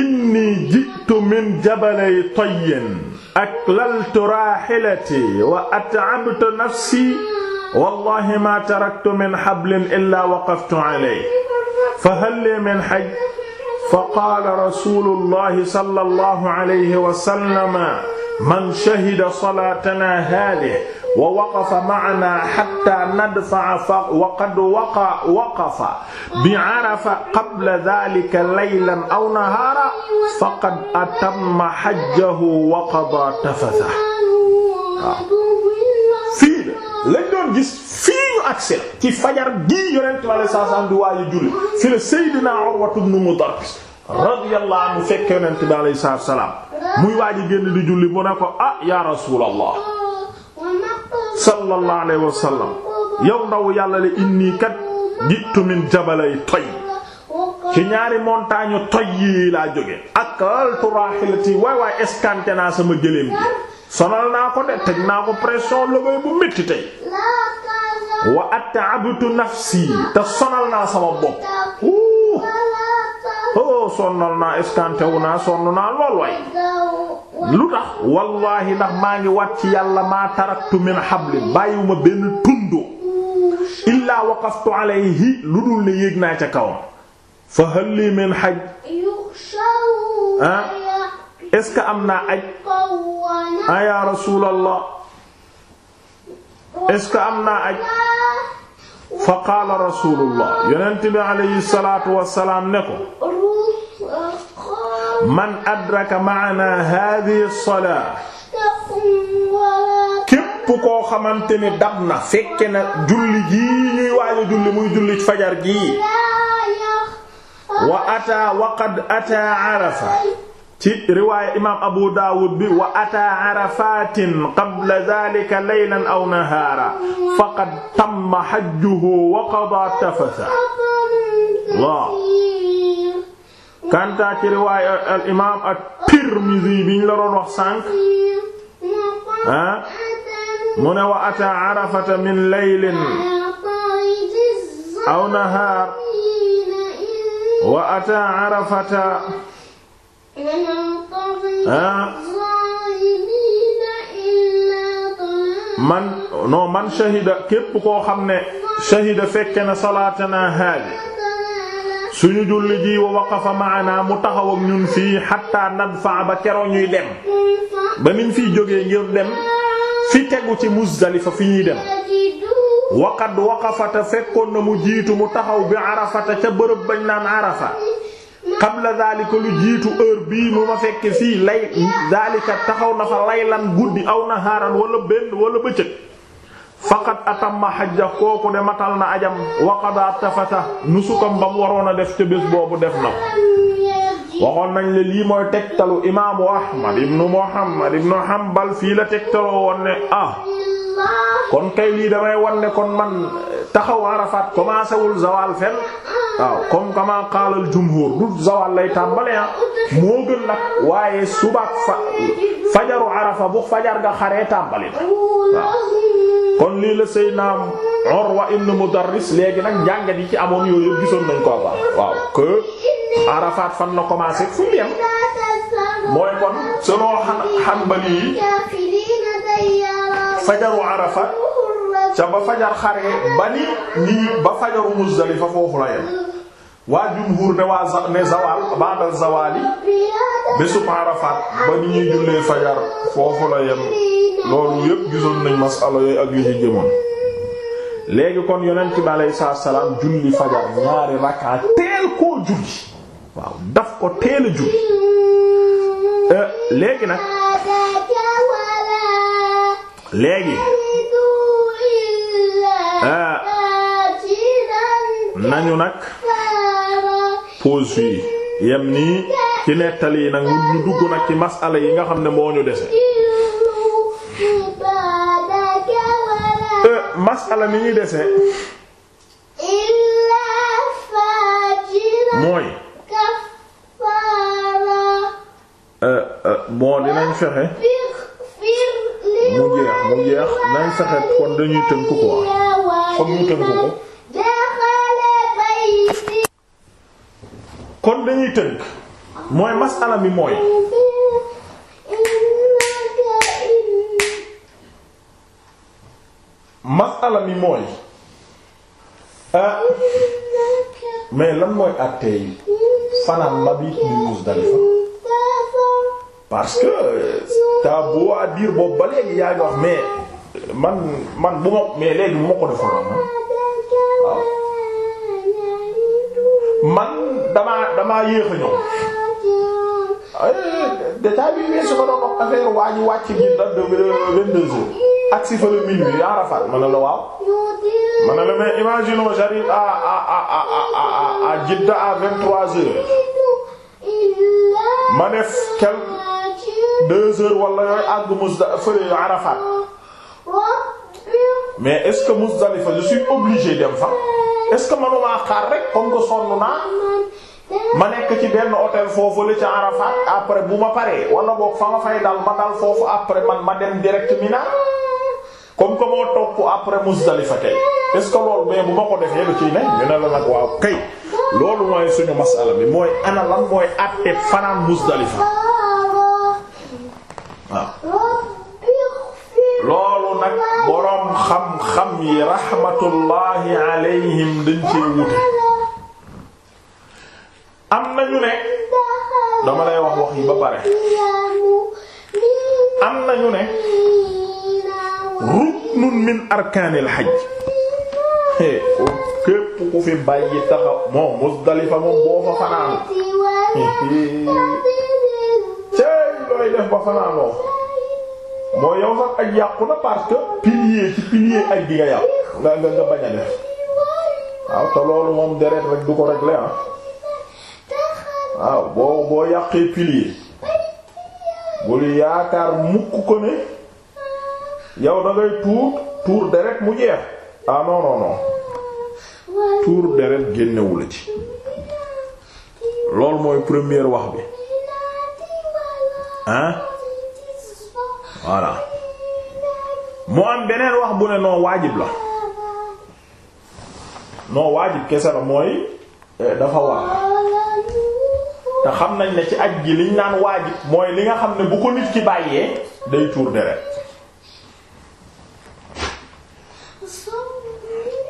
inni ji'tu min jabalay tayyin aklaltu raahilati wa at'abtu nafsi wallahi ma taraktu min hablin illa waqaftu alayhi fa hal li min hajj faqaala rasuulullahi sallallahu alayhi wa sallama man shahida salaatanaa haadihi wa waqafa ma'anaa hattaa nadfa'a wa qad waqafa bi'arafa qabla dhaalika laylan aw nahaaran faqad atamma hajjahu wa qadaa tafathahu. Fii lañ doon gis fii. agsi la ci fajar gii yonent bi alayhi salaam di waaye julli la Seydina Urwatu ibn fekk yonent bi alayhi salaam muy génn di julli mu ne ko ah ya rasuulallah sallallahu alayhi wa sallam yow ndaw yàlla le inni kat jiitu min jabalay toy ci ñaari montagne toy yi laa jóge ak altu rahilati waay waay escanté naa sama gëléem bi sonal naa ko de teg naa ko pression lëgëy bu metti tey wa at'abtu nafsi te sonal naa sama bopp wuu oh sonal naa escantewu naa sonn naa lool waay lu tax wallaahi ndax maa ngi wat ci yàlla maa taraktu min hablin bàyyiwuma benn tundo illaa waqaftu alayhi lu dul ne yéeg naa ca kawam fa hal li min haj ah est-ce que am naa aj ah ya rasulallah est-ce que am naa aj fa qaala rasulullah yonent bi alayhi salaatu wassalaam ne ko man adraka ma'ana hadhihi salaa képp koo xamante ni dab na fekke na julli gii ñuy waaja julli muy julli fajar gii wa ataa wa qad ataa arafa ci riwaaya imaam Abu Daawud bi wa ataa arafatin qabla dhalika laylan aw nahaara faqad tamma hajjuhu wa qadaa tafasa waaw kantaa ci riwaaya al imaam at-Tirmidhi bi ñu la doon wax sànq ah mu ne wa ataa arafata min laylin aw nahaar wa ataa arafata ah man non képp koo xam ne shahida fekke na salaatana haadi suñu julli ji wa waqafa maana mu taxaw ak ñun fii xatta nadfa ba keroo ñuy dem ba niñ fiy jóge ngir dem fi tegu ci Muzdalifa fi dem waqad waqafata fekkoon na mu jiitu mu taxaw bi arafata ca bërëb bañ naan arafa qabla daalika lu jiitu heure bii mu ma fekk fii lay daalika taxaw na fa laylan guddi aw nahaaran wala benn wala bëccëg faqad atamma hajja kooku de matal na ajam wa qada tafata nusukam ba mu waroon a def ca bés boobu def na waxoon nañ le lii mooy tegtalu imaamu ahmad ibnu muhammad ibnu hanbal fii la tegtaloo woon ne ah kon kay lii damay wan kon man taxaw Arafat commencé wul zawal fen waaw comme kama qaalal jumhur du zawal lay tàmbalee ah. moo gën nag waaye subaak fa fajaru Arafa bu fajar nga xaree tàmbali na waaw kon lii la Seydina Urwa ibn Mudarris léegi nag njàngat yi ci amoon yooyu yëpp gisoon ko ba waaw que Arafat fan la commencé fu mu mooy kon selon Hanbali yi fajaru arafa ca ba fajar xare ba ni nii ba fajaru muzdalifa foofu la yem waa jumhur ne waa ne zawal ba'da zawali bésub arafat ba ni ñuy jullee fajar foofu la yem loolu yépp gisoon nañ masala ak yu ci léegi kon yonent bi aleyhi salaam julli fajar ñaari rakka teel koo julli waaw daf ko teel a julli euh, léegi nag léegi ah. nañu nag pause fii yem nii ci nettali yi nag ñu dugg nag ci masala yi nga xam ne moo ñu dese eh, mi ñu dese mooy bon eh, eh, dinañ fexe jeex nañ kon dañuy tënk ko kon mooy masala mi mooy ah. mais lan mooy àttee yi fanaan mabit bi Muzdalifa parce que euh, taa boo à dire boobu ba léegi yaa ngi wax mais man man bu ma mais léegi bu ma ko defaloon man damaa damaa yéex a ñëw déjà bi weesu ma doon wax affaire waa ji wàcc bi date de deux heures ak fa la minuit yaa rafet ma ne la waaw ma ne la mais imaginons j'arrive à à à trois heures ma def quelque deux heures wala yooyu àgg Musdalifa fële Arafat mais est ce que Musdalifa je suis obligé dem fa est ce que manuma xaar rek comme que sonn naa ma nekk ci benn hôtel foofu la ca Arafat après bu ma paree wala boog fa ma fay dal ma dal foofu après man ma dem direct Mina comme que moo topp après Musdalifa tey est ce que loolu mais bu ma ko defee lu ciy ne ñu ne la nag waaw kay loolu mooy suñu masala bi mooy ana mooy àtte fanaan Musdalifa waaw loolu nag boroom xam-xam yi raxmatullaahi alayhim dañ ci am nañu ne ba pare am nañu ne ruknun min arkaanil xaj képp ku fi bàyyi taxaw moom Muzdalifa boo fa fanaanu nooy def ba fanaanoo mooy yow sax aj yàqu na parce que pilier ci pilier aj bi nga yàqu nga nga bañ a def waaw te loolu moom deret rek du ko régler ah waaw boo boo yàqee pilier bul yaakaar mukk ko ne yow da ngay tuur tuur deret mu jeex ah non tuur deret génnewula ci loolu mooy première wax bi ah voilà moo am beneen wax bu ne noo waajib la noo waajib kese la mooy eh, dafa war te xam nañ ne ci aj gi liñ naan waajib mooy li nga xam ne bu ko nit ki bàyyee day tuur deret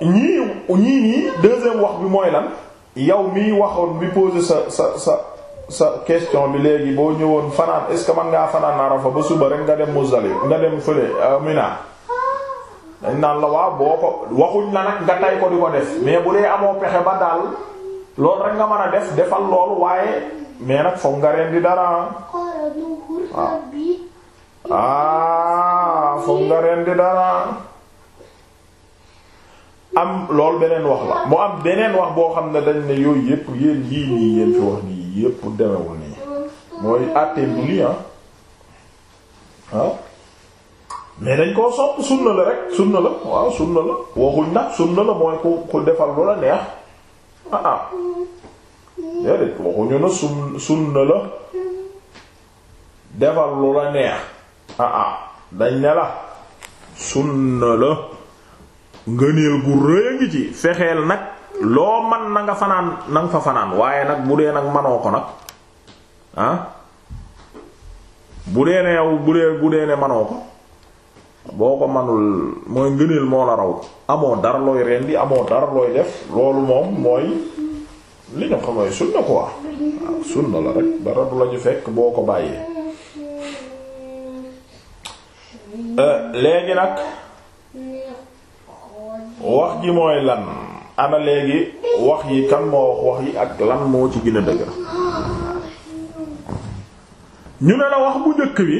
ñii ñii nii deuxième wax bi mooy lan yow miy waxoon bi poser sa sa sa sa question bi léegi boo ñëwoon fanaan est-ce que mën ngaa fanaan Arafa ba suba rek nga dem Muzdalifa nga dem fële euh, Mina dañ naan la waaw boo ko waxuñ la nag nga tay ko di ko def mais bu dee amoo pexe ba daal lool rek nga man a def defal loolu waaye mais nag foog nga rendi dara waaw ah, ah foog dara am lool beneen wax la mu am beneen wax boo xam ne dañ ne yooyu yépp yéen yii nii yéen fi wax nii yépp demewul nii mooy àttee bu lii ah waaw mais dañ koo sopp sunna la rek sunna la waaw sunna la waxuñ nag sunna la mooy ku ku defal lu la neex ah ah déedéet waxuñu na sun sunna la defal lu ah, ah. dañ ne la sunna la ngëneel gu rëy ngi ci fexeel nag loo man na fanaan na fa fanaan waaye nag bu dee nag manoo ko nag ah bu dee ne yow bu dee bu dee ne manoo ko boo ko manul mooy ngëneel moo la raw amoo dara looy rendi amoo dara looy def loolu moom mooy li ñu xamooy sunna quoi waaw ah, sunna la rek dara du la fekk boo ko bàyyee euh, léegi nag wax ji mooy lan ana léegi wax yi kan moo wax wax yi ak lan moo ci gën dëgër ñu ne la wax bu njëkk bi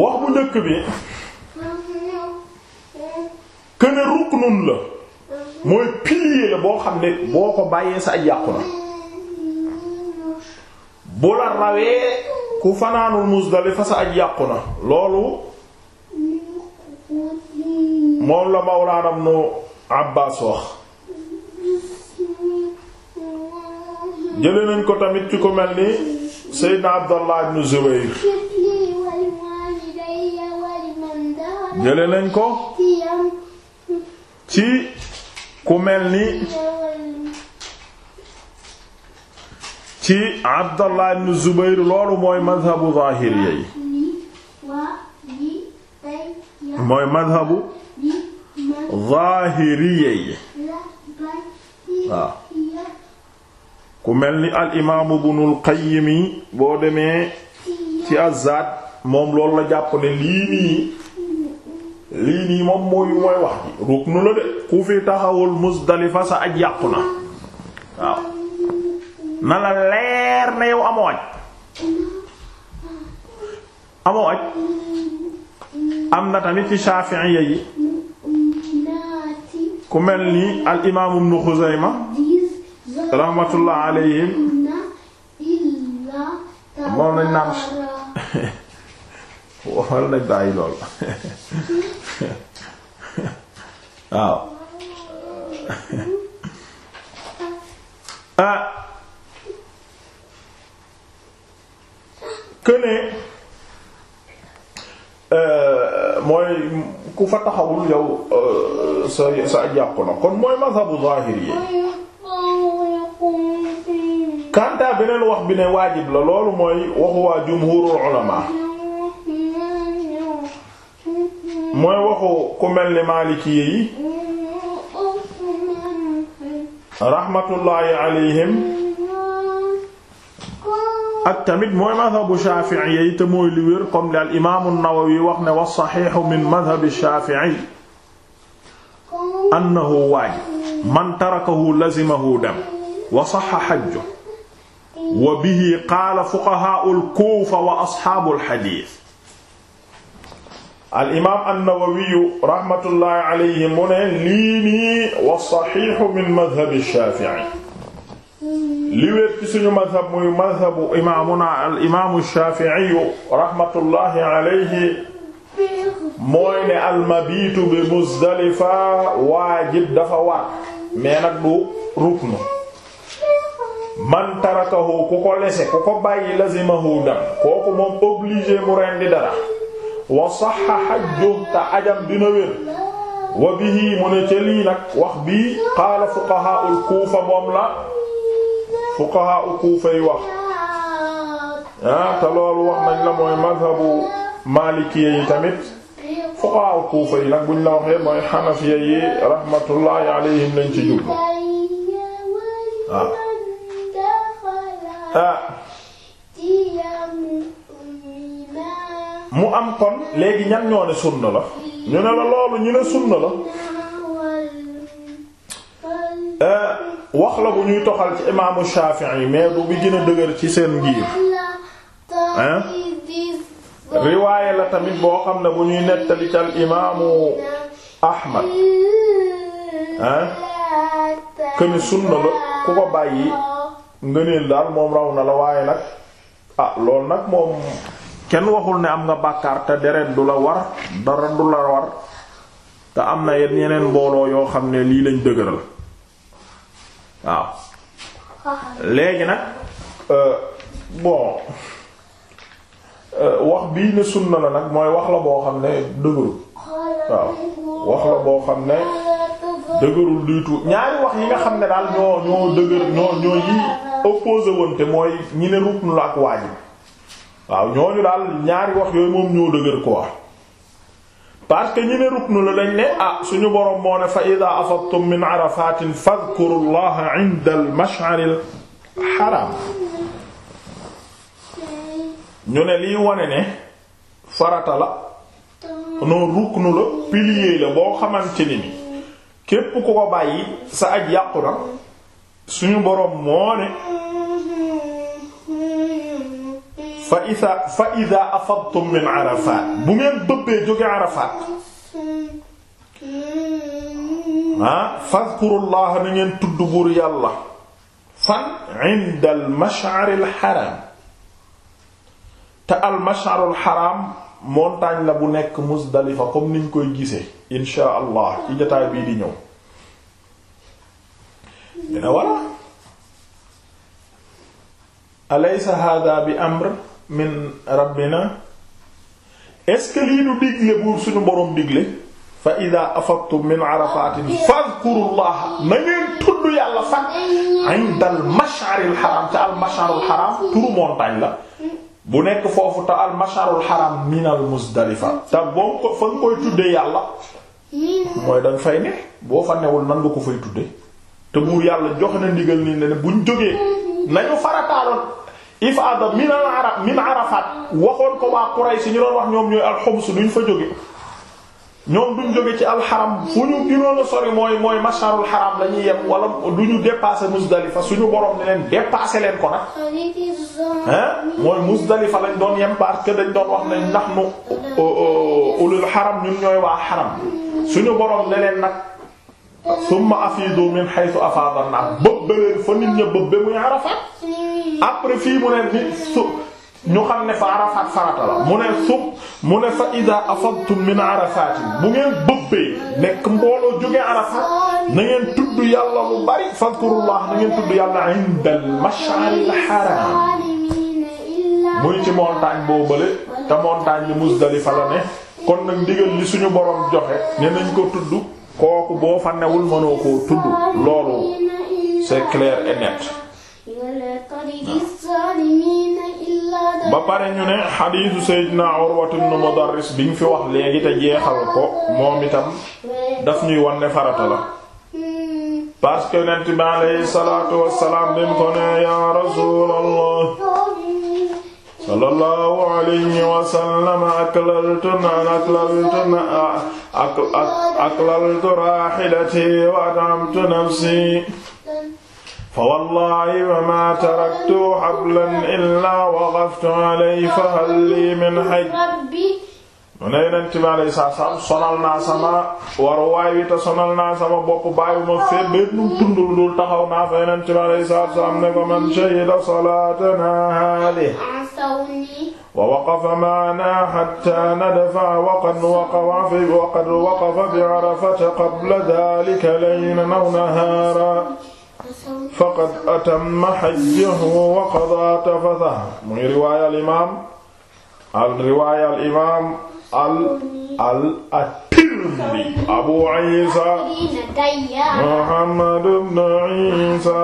wax bu njëkk bi këne ruknun la mooy pilier la boo xam ne boo ko bàyyee sa aj yàqu na bu la rawee ku fanaanul Muzdalifa sa aj yàqu na loolu moom la Mawlaana Ibnu Abbaas wax jële nañ ko tamit ci mel ni nañ ko ci ku mel ni ci Abdallah ibnu Zubayr loolu mooy madhabu zaahiriyyi mooy madhabu zaahiriye yi waaw ku mel ni al imaamu bunul qayyimi boo demee ci azad moom loolu la jàpp ne lii nii lii nii moom mooy mooy wax ji ruknu la de ku fi taxawul Muzdalifa sa aj yàqu na waaw na la leer na yow amoo aj amoo aj am na tamit ci Shafi'iyya yi ku mel ni al imaam ibn Xuzayma rahmatullah alayhim moom lañ naan wala nañ bàyyi lool waaw ah Euh, mooy ku fa taxawul yow euh, sa sa jàqu na kon mooy mazhabu zahiri yi kanta beneen wax bi ne waajib la loolu mooy waxu waa jumhurul ulama mooy waxu ku mel ni maaliki yi rahmatullahi alayhim ak tamit mooy madhabu Shafi'i yi te mooy li wér comme li al imaamu an-Nawawi wax ne wa saxiixu min madhabi Shafi'i annahu waajib man tarakahu lazimahu dam wa sahha hajju wa bihi qaala fuqahaa'ul kuufa wa ashaabul hadiis al imaam an-Nawawi rahmatullahi alayhi mu ne lii nii wa saxiixu min madhabi Shafi'i li wér ci suñu mazhab muy mazhabu imaamuna al imaamu Shaafi'i rahmatullahi alayhi al mabitu bi Muzdalifa waajib dafa war mais du ruknu man tarakahu ku ko lese ku ko bàyyi lazimahu dam kooku moom obligé mu rendi dara wa sahha hajju te ajam dina wér wa bihi mu ne ca wax bii qaala fuqahaa'ul Kuufa moom fuqaha u Kuufa yi wax ah te loolu wax nañ la mooy madhabu maalikiyya yi tamit fuqaha Kuufa yi nag buñ la waxee mooy xanafiyya yi rahmatullahi alayhim lañ ci jublu ah. Ah. mu am kon léegi ñan ñoo ne sunna la ñu ne la loolu ñu ne sunna la Euh, wax la bu ñuy toxal ci imaamu Shafi'i mais du bi gën dëgër ci seen ngir hein riwaaye la tamit boo xam ne bu ñuy nettali ci al imaamu Ahmad hein këni sunna la ku ko bàyyi ngëneel daal moom raw na la waaye nag ah loolu nag moom kenn waxul ne am nga bàkkaar te deret du la war dara du la war te am na yenn yeneen mbooloo yoo xam ne lii lañ dëgëral waaw léegi nag euh, bon euh, wax bii ne sunna la nag mooy wax la boo xam ne dëgërul waaw wax la boo xam ne dëgërul du tout ñaari wax yi nga xam ne daal ñoo ñoo dëgër ñoo ñoo yi opposé woon te mooy ñi ne rukn la ak waajib waaw ñooñu daal ñaari wax yooyu moom ñoo dëgër quoi parce que ñi ne ruknu la dañ ne ah suñu borom moo ne fa idaa afadtum min arafatin fadhkuru allaha inda al mash'ar al haram ñu ne liy wone ne farata la noonu ruknu la pilier la boo xamante ni ni képp ku ko bàyyi sa aj yàqu na suñu borom moo ne fa isa fa ida afadtum min arafat bu ngeen bëbbee jóge arafat ah fadkurullaha na ngeen tudd buur yàlla fan inda al mash'ar al haram te al mash'ar al haram montagne la bu nekk Muzdalifa comme niñ koy gisee insha allah ci jotaay bii di ñëw dina wala alaysa hada bi amr min rabbina est-ce que lii du digle buur suñu boroom digle fa ida afadtum min arafatin fadkurullaha na ngeen tudd yàlla fan inda al masharil al masharul turu montagne la bu nekk foofu te al masharul haram min al muzdalifa te boo ko fa nga koy tuddee yàlla mooy danga fay ne boo fa newul nan ko fay tudde te buur yàlla jox na ndigal nii ne buñ jógee nañu farataaloon ifaada min al arab min arafat waxoon ko waa Quraysh ñu doon wax ñoom ñooy alxums duñ fa jóge ñoom duñ jóge ci alxaram fu ñu gënoon a sori mooy ñu dépasser Muzdalifa suñu borom ne leen dépasser leen ko nag. hein mooy Muzdalifa lañ doon yem parce que dañ doon wax ne ndax nu euh, euh, ulul xaram ñun ñooy waa suñu borom ne leen nag. summa afidu min haythu afada an-nas bëb leen fa nit ña bëb ba muy Arafat. après fii mu ne ni su ñu xam ne fa Arafat farata la mu ne su mu ne fa ida afadtum min arafatin bu ngeen bëbbee nekk mbooloo jógee Arafat na ngeen tudd yàlla lu bari fadkurullah na tudd yàlla indal mash'aril haram muy ci montagne boobale te montagne bi Muzdalifa la ne kon nag ndigal li suñu borom joxe ne nañ ko tudd kooku boo fa newul mënoo koo tudd loolu c'est clair ba pare ñu ne xadiisu Seydina Urwatu ibn Mudarris bi ñu fi wax léegi te jeexal ko moom itam daf ñuy won farata la parce que bi alayhi salaatu wassalaam bi ko ne yaa Rasuulallah sallallahu alayhi wa sallam aklaltu wa adamtu nafsi fa wallahi wa ma taraktu hablan illa waqaftu alayhi fa hal li min haj mu ne yonent bi alayhi salaam sonal naa sama waruwaay wi te sonal naa sama bopp bàyyiwuma fee benn tund lu dul taxaw naa fa yonent bi alayhi salaam ne ko man shahida salaatana haadihi wa waqafa ma'anaa hattaa nadfa'a wa qad waqafa bi Arafata qabla dhaalika laylan aw nahaara faqad atamma hajjahu wa qadaa tafathahu muy riwaaya al imaam al riwaaya al imaam al al at-Tirmidhi Abu Isa Muhammad ibn Isa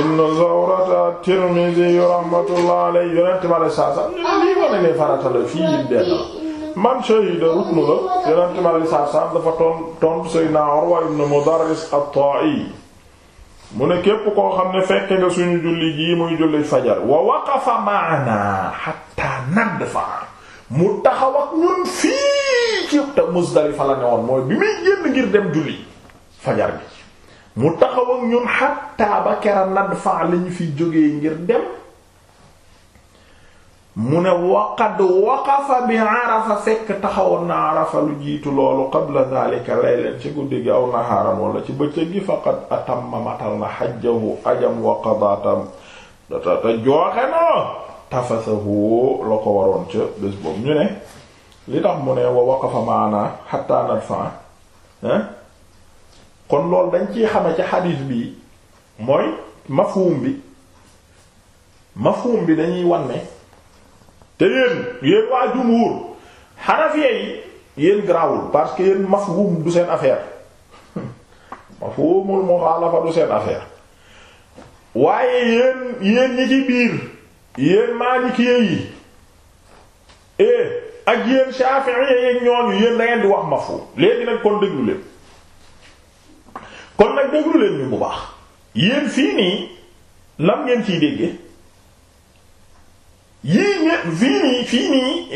ibn Zawrata at-Tirmidhi rahmatullahi alayhi yonent ma la saa saa lii wane ne farata la fii benn man shahida ruknu la yonent ma la saa saa dafa tontu Sayyidina Urwa ibn Mudarris at-Ta'i mu ne képp koo xam ne fekke nga suñu julli jii muy julli fajar wa waqafa maana hatta nadfa mu taxaw ak ñun fii ci te Muzdalifa woon mooy bi muy génn ngir dem julli fajar bi mu taxaw ak ñun hatta ba kera nadfa lañu fi jógee ngir dem mu ne waqad waqafa bi arafa fekk taxawoon na arafa lu jiitu loolu qabla zalika laylan ci guddi gi aw naharan wala ci bëccëg gi faqad atamma matal na xajjahu ajam wa qadaatam te jooxe na tafasahu la ko waroon ca bés boobu ñu ne li tax mu ne wa waqafa maana hatta nadfa kon loolu dañ ciy xame ci xadiis bi mooy mafhum bi mafhum bi dañuy wan te yéen yéen waa jumhur xanafiya yi yéen grawul parce que yéen mafhum du seen affaire mafhumul muxaalafa du seen affaire waaye yéen yéen ñi ci biir yéen maalikiyya yi eh ak yéen shafi'iyya yeeg ñooñu yéen da di wax mafhum léegi nag kon déglu leen kon nag déglu leen ñu bu baax yéen fii nii lan ngeen ciy dégge yii ñe fii nii fii nii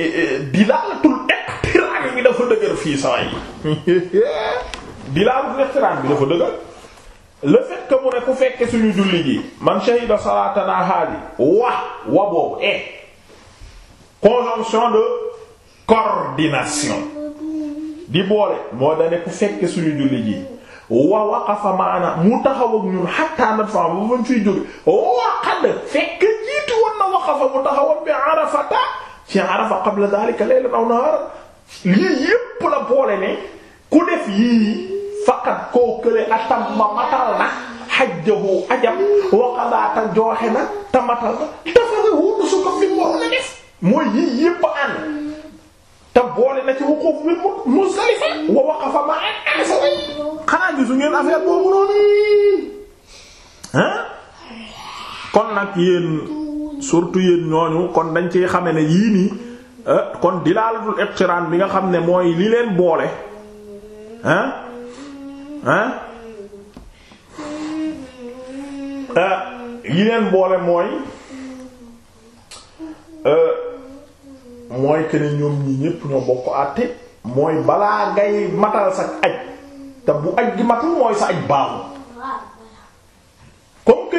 dilaalatul eh, eh, iqtiraan bi dafa dëgër fii saa yi dilaalatul iqtiraan bi dafa dëgër le fait mu ne ku fekke suñu julli ji man shahida salatana haadi wa wa boobu e conjonction de coordination di boole moo dane ku fekke suñu julli ji wa waqafa maana mu taxaw ak ñun xatta nat fa ba fañ fiy jóge waqad fekk waqafa mu taxawoon bi arafata ci arafa qabla dhalika laylan aw nahar lii yépp la boole ne ku def yii faqat koo kële atam ma matal na hajjahu ajam waqadaata jooxe na te matal na dafarewu su ko fi waroon a def mooy yii yépp ànd te boole na ci wuquf bi Muzdalifa wa waqafa ma Anas xanaa gisu ngeen affaire boobu noonu ah kon nag yéen surtout yéen ñooñu kon dañ ciy xame ne yii nii eh, kon dilaalatul iqtiraan bi nga xam ne mooy li leen boole hein hein eh, li leen boole mooy eh, mooy que ne ñoom ñi ñépp ñoo bokk àtte mooy balaa ngay matal sa aj te bu aj gi matul mooy sa aj baaxul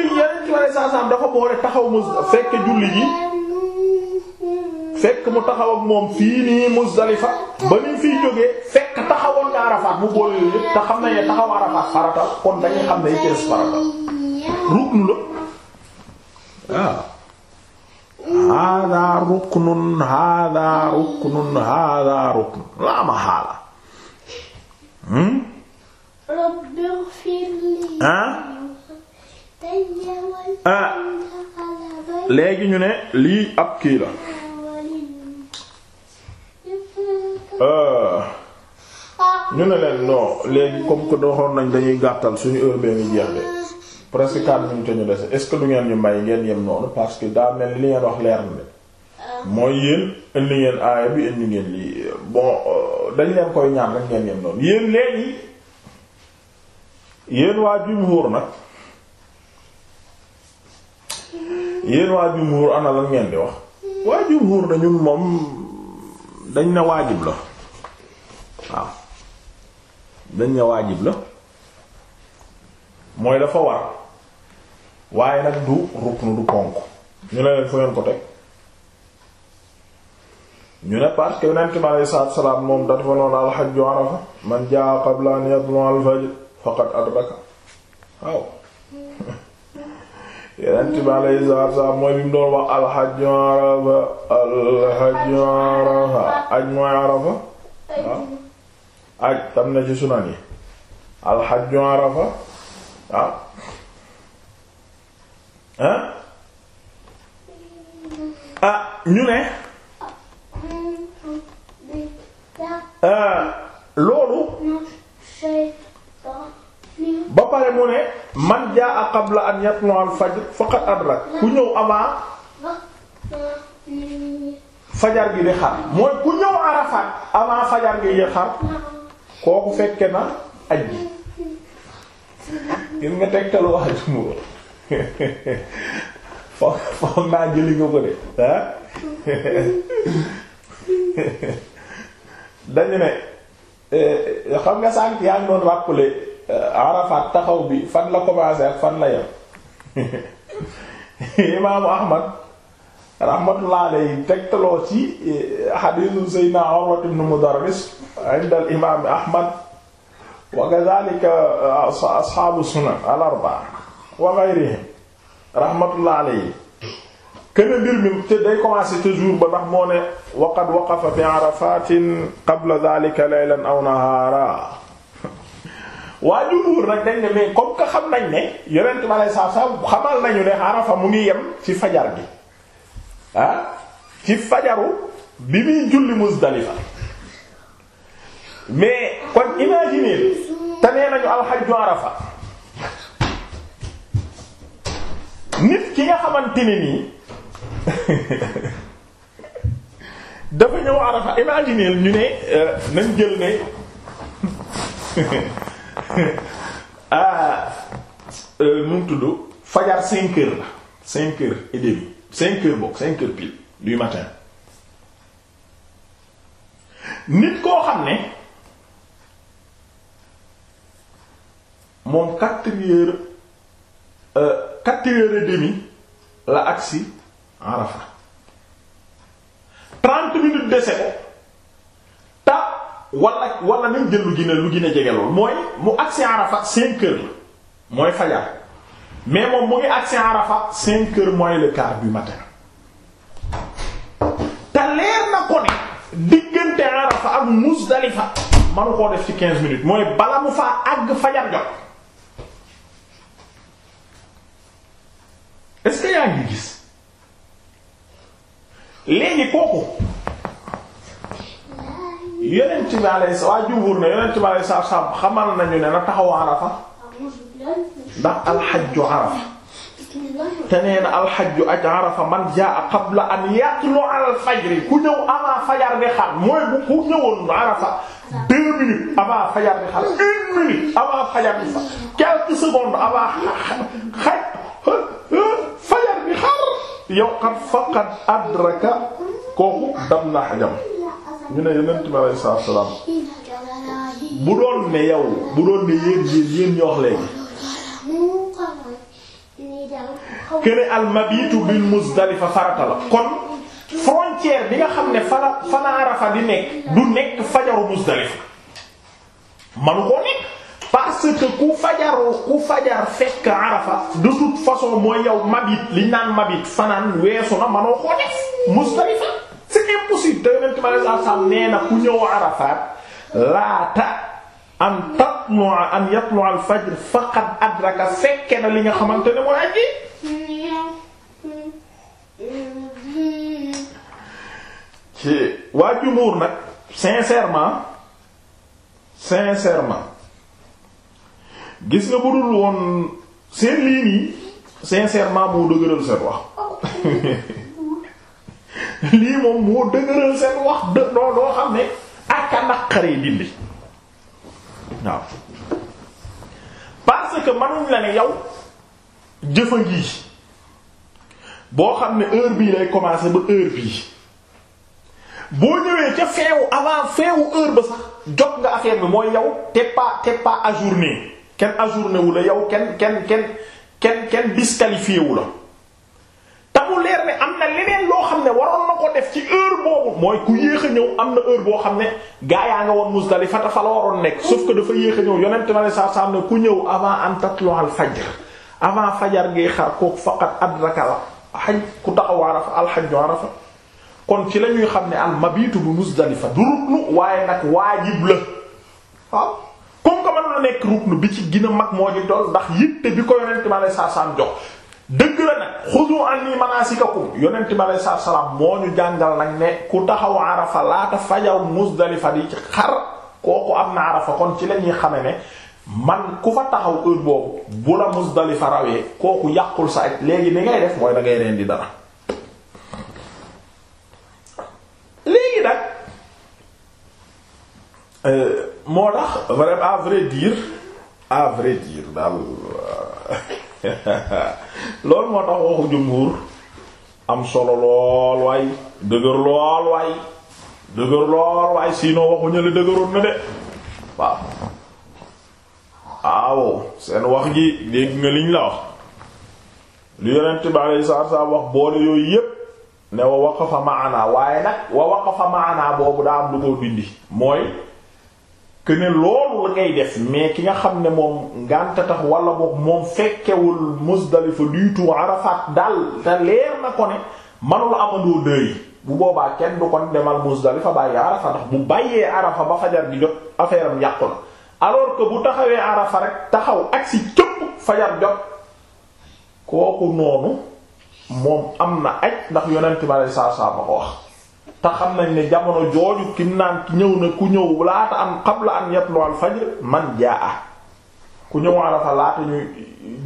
que yeneen ci dafa boole taxaw mu fekk julli ji fekk mu taxaw moom fii nii Muzdalifa ba ni fiy jógee fekk taxawoon nga Arafat mu boole yëpp te xam nañ ne taxaw Arafat farata kon dañuy xam ne ci farata rukn la waaw. Ah. hàddaa ruknun hàddaa ruknun hàddaa laa ma xaala hmm Ah. léegi ñu ne lii ab kii la ah. Ah. ñu ne leen non léegi comme que doxoon nañ dañuy gàttal suñu heure bee ngi jeex de presque quatre minutes ñu dese est-ce que du ngeen ñu may ngeen yem noonu parce que daa mel li ngeen wax leer na mooy yéen indi ngeen aaya bi indi ngeen lii bon euh, dañ leen koy ñaan rek ngeen yem noonu yéen léegi yéen waa jumhur nag. yéen waa jumhur ana lan ngeen wax waa jumhur na moom dañ ne waajib la waaw dañ ne waajib la mooy dafa war waaye nag du ruknu du ponk ñu ne leen fu ngeen ko teg ñu ne parce que yonent bi aleyhi salaatu salaam moom dafa noonu alxajju arafa man jaa qabla an yatlu al fajr faqad adraka waaw yonent bi alayhi salaatu wa salaam mooy bi mu doon wax alxajju arafa alxajju arafa aj mooy arafa waaw ah, aj tam na ci sunan yi alxajju arafa waaw ah, ah, ah ñu ne loolu ba pare mu ne man jaa qabla an yatlu al fajr faqad adrak ku ñëw avant fajar gi di xar mooy ku ñëw Arafat fajar gi di xar kooku fekke na aj gi gis nga tegtal waa jumóo foog foog naa jëli nga ko de ah? dañu ne eh, xam nga sànq yaa ngi doon rappeler Euh, Arafat taxaw bi fan la commencé ak fan la yem imaamu Ahmad rahmatullah alayhi tegtaloo ci eh, hadiisu Seydina Urwa ibn Mudarris inda al imaam Ahmad wa kadhalika eh, ashaabu sunan al arba'a wa ghayrihim rahmatullah alayhi kene mbir mi te day commencé te jour ba ndax moo ne waqad waqafa bi Arafatin qabla dhalika laylan aw nahara waa jumhuur nag dañ ne mais comme que xam nañ ne yonent ma lay saaf xamal nañu ne Arafa mu ngi yem ci fajar gi ah ci fajaru bi muy julli Muzdalifa mais kon imaginer te nee nañu alxajju Arafa nit ki nga xamante ne yi dafa ñëw Arafa imaginer ñu ne euh, nañ jël ne. ah euh, nu mu tudd fajar cinq heures la cinq heures et demi cinq heures bokk cinq heures pile du matin nit koo xam ne moom quatre heures euh, quatre heures et demi la agsi Arafa trente minutes dese ko wala wala nañ jël lu gën a lu gën jege lool mooy mu agsi Arafa cinq heures mooy fajar mais moom mu ngi agsi Arafa cinq heures mooy le quart du na ko ne diggante Arafa ak Muzdalifa manu koo def ci quinze minutes mooy bala mu faa àgg fajar jot est yaa ngi gis léegi kooku yonent bi alayhi salaam waa jumhur ne yonent bi alayhi salaam xamal nañu ne na taxaw arafa ndax alxajju arafa te nee na alxajju aj arafa man jaa qabla an yatlu al fajri ku ñëw avant fajar di xar mooy bu ku ñëwoon arafa deux minutes avant fajar di xar une minute avant fajar di xar quelques secondes avant xaj fajar di xar yow qad faqad adraka kooku dam na xajam ñu ne yonent bi alayhi salaatu salaam bu doon ne yow bu doon ne yéen yéen yéen ñu wax léegi kene al mabitu bil farata la kon frontière bi nga xam ne fala fala Arafa di nekk du nekk fajaru Muzdalifa manu koo nekk parce que ku fajaru ku fajar fekk Arafa de toute façon mooy yow mabit liñ naan mabit fanaan weesu na manoo koo def Muzdalifa c'est impossible yonent ma ne saa saam nee na ku ñëw Arafaat laata an tatlu'a an yatlu'a al-fajr faqad adraka fekke na li nga xamante ne mooy aji ci waa jumhuur nag sincèrement sincèrement gis nga bu dul woon seen lii nii sincèrement moo dëgëral seen wax lii moom moo dëgëral seen wax dë doo xam ne ak a naqaree dindi waaw parce que manuñ la ne yow jëfa ngii boo xam ne heure bii lay commencer ba heure bii boo ñëwee ca feewu avant feewu heure ba sax jot nga affaire bi mooy yow t'es pas t'es kenn ajourné la yow kenn kenn kenn kenn kenn disqualifié wu la mu leer ne am na leneen loo xam ne waroon na ko def ci heure boobu mooy ku yéex a ñëw am na heure boo xam ne gaa yaa nga woon Muzdalifa te fa la waroon nekk sauf que dafa yéex a ñëw yonent ma ne saa saa ne ku ñëw avant an fajar ngay xar kooku faqat la ku taxaw arafa alxajju arafa kon ci la ñuy xam ne al mabitu bu Muzdalifa du ruknu waaye nag waajib la waaw que mën na nekk bi ci mag moo ci dool ndax yitte bi ko yonent ma ne jox. dëgg la nag xudu anni manasikakum yonent bi alayhi salaatu salaam moo ñu jàngal nag ne ku taxaw arafa laata fajaw Muzdalifa di xar kooku am na arafa kon ci lañuy ñuy xame ne man ku fa taxaw heure boobu bu la Muzdalifa rawee kooku yàqul sa aj léegi ni ngay def mooy da ngay reen di dara léegi nag euh, moo tax vraiment à vrai dire daal euh, lool moo tax waxu jumhur am solo lool waay dëgër lool waay dëgër lool waay sinon waxu ñële dëgëroon na de waaw waaw seen wax ji dégg nga liñ la wax lu yonent bi aleyhi salaatu salaam wax boole yooyu yépp ne wa waqafa maana waaye nag wa waqafa maana boobu daa am lu ko dindi mooy que ne loolu la ngay def mais ki nga xam ne moom ngànta tax wala boog moom fekkewul Muzdalifa du tout Arafat daal te leer na ko ne manula amandoo dëy bu boobaa kenn du kon demal Muzdalifa bàyyi Arafa ndax bu bàyyee Arafa ba fajar gi jot affaire am yàqu la alors que bu taxawee Arafa rek taxaw ak si cëpp fajar jot kooku noonu moom am na aj ndax yonent bi sallallahu alayhi wasallam ko wax te xam nañ ne jamono jooju kim naan ñëw na ku ñëw laata an qabla an yatlu al fajr man jaa ku ñëw arafa laata ñuy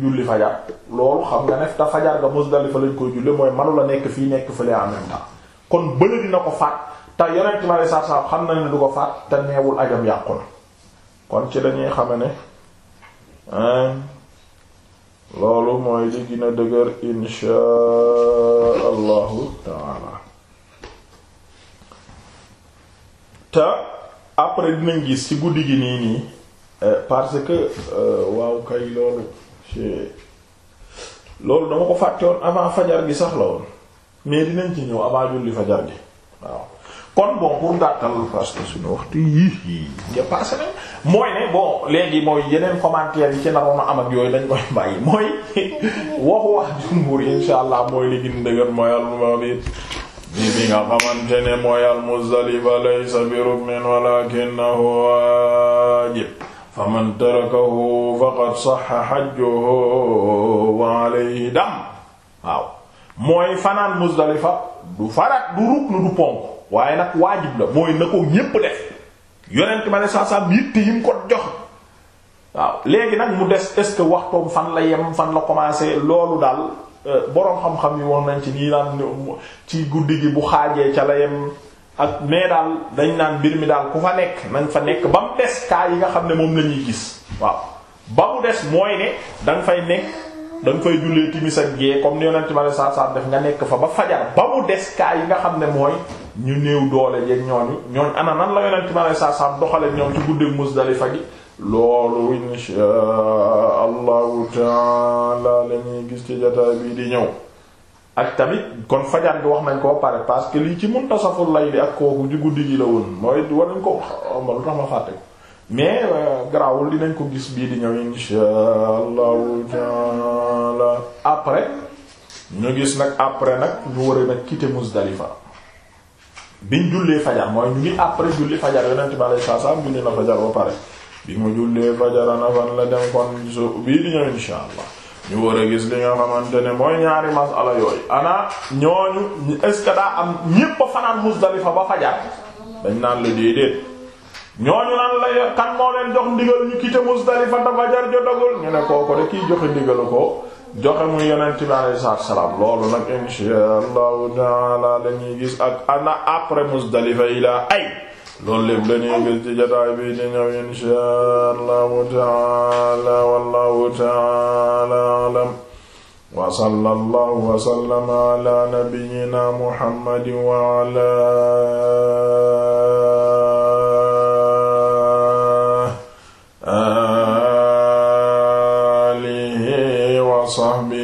julli fajar loolu xam nga ne te fajar ga Muzdalifa lañ koy julli mooy manu nekk fii nekk fële en même temps kon bële dina ko faat te yonent ma ne saab saab xam nañ ne du ko faat te neewul ajam yàqu na kon ci lañuy xame ne loolu mooy li dëgër insha allahu taala te après dinañ gis ci guddi gi nii nii euh, parce que euh, waaw kay loolu loolu dama ko fàtte woon avant fajar gi sax la woon mais dinañ ci ñëw avant julli fajar gi waaw kon bon pour gàttal parce que suñu waxtu yii nga passé na mooy ne bon léegi mooy yeneen commentaire yi ci naroon a am ak yooyu dañ koy bàyyi mooy waxu wax jumhur insha allah mooy li gën dëgër mooy al di bi nga xamante ne mooy almuzdalifa laysa bi ruknin walakinahu waajib faman tarakahu faqad saxa xajjuhu wa alayhi waaw mooy fanaan muzdalifa du farat du rukn du ponk waaye nag waajib la mooy na ñépp def yonent ma ne saa saa yitte yi mu ko jox waaw léegi nag mu des est-ce que waxtoom fan la yem fan la commencé loolu daal Euh, boroom xam-xam yi woon nañ ci nii naan ci guddi gi bu xaajee ca la ak mais daal dañ naan mbir mi daal ku fa nekk nañ fa nekk ba mu des kaa yi nga xam ne moom la waaw ba mu mooy ne da nga fay da nga fay jullee timis ak comme ni yonent ma ne saa def nga nekk fa ba fajar ba des kaa yi nga xam ne mooy ñu néew doole yeeg ñooñu ñoom ana nan la yonent ma ne saa saa doxale ñoom ci guddi Muzdalifa gi loolu inshaa allahu taala la gis ci jotaay bii di ñëw ak tamit kon fajar bi wax nañ ko pare parce que lii ci muntasaful layli ak kooku ci guddi gi la woon mooy war nañ ko ma lu tax ma fàtte ko mais euh, garaawul dinañ ko gis bii di ñëw inshaa allahu taala après ñu gis nag après nag ñu war a nag quitter Muzdalifa biñ jullee fajar mooy ñu ngi après julli fajar yonent bi alayhi salaam julli na fajar ba pare bi mu jullee fajarana fan la dem kon su bii di ñëw insha allah ñu war a gis li nga xamante ne mooy ñaari masala yooyu ana ñooñu est ce que daa am ñépp fanaan Muzdalifa ba fajar dañ naan la déedéet ñooñu nan la kan moo leen jox ndigal ñu quitté Muzdalifa te fajar jotagul ñu kooku de kii joxe ndigalu ko joxe mu yonent bi alayhi salaam loolu nag insha allahu taala dañuy gis ak ana après Muzdalifa ila ay loolu lépp lañuy gis ci jotaay bi di ñëw inshaa allahu taala wallahu taala alam wa sallallahu wa sallama ala nabiyyina muhammadin wa ala alihi wa sahbihi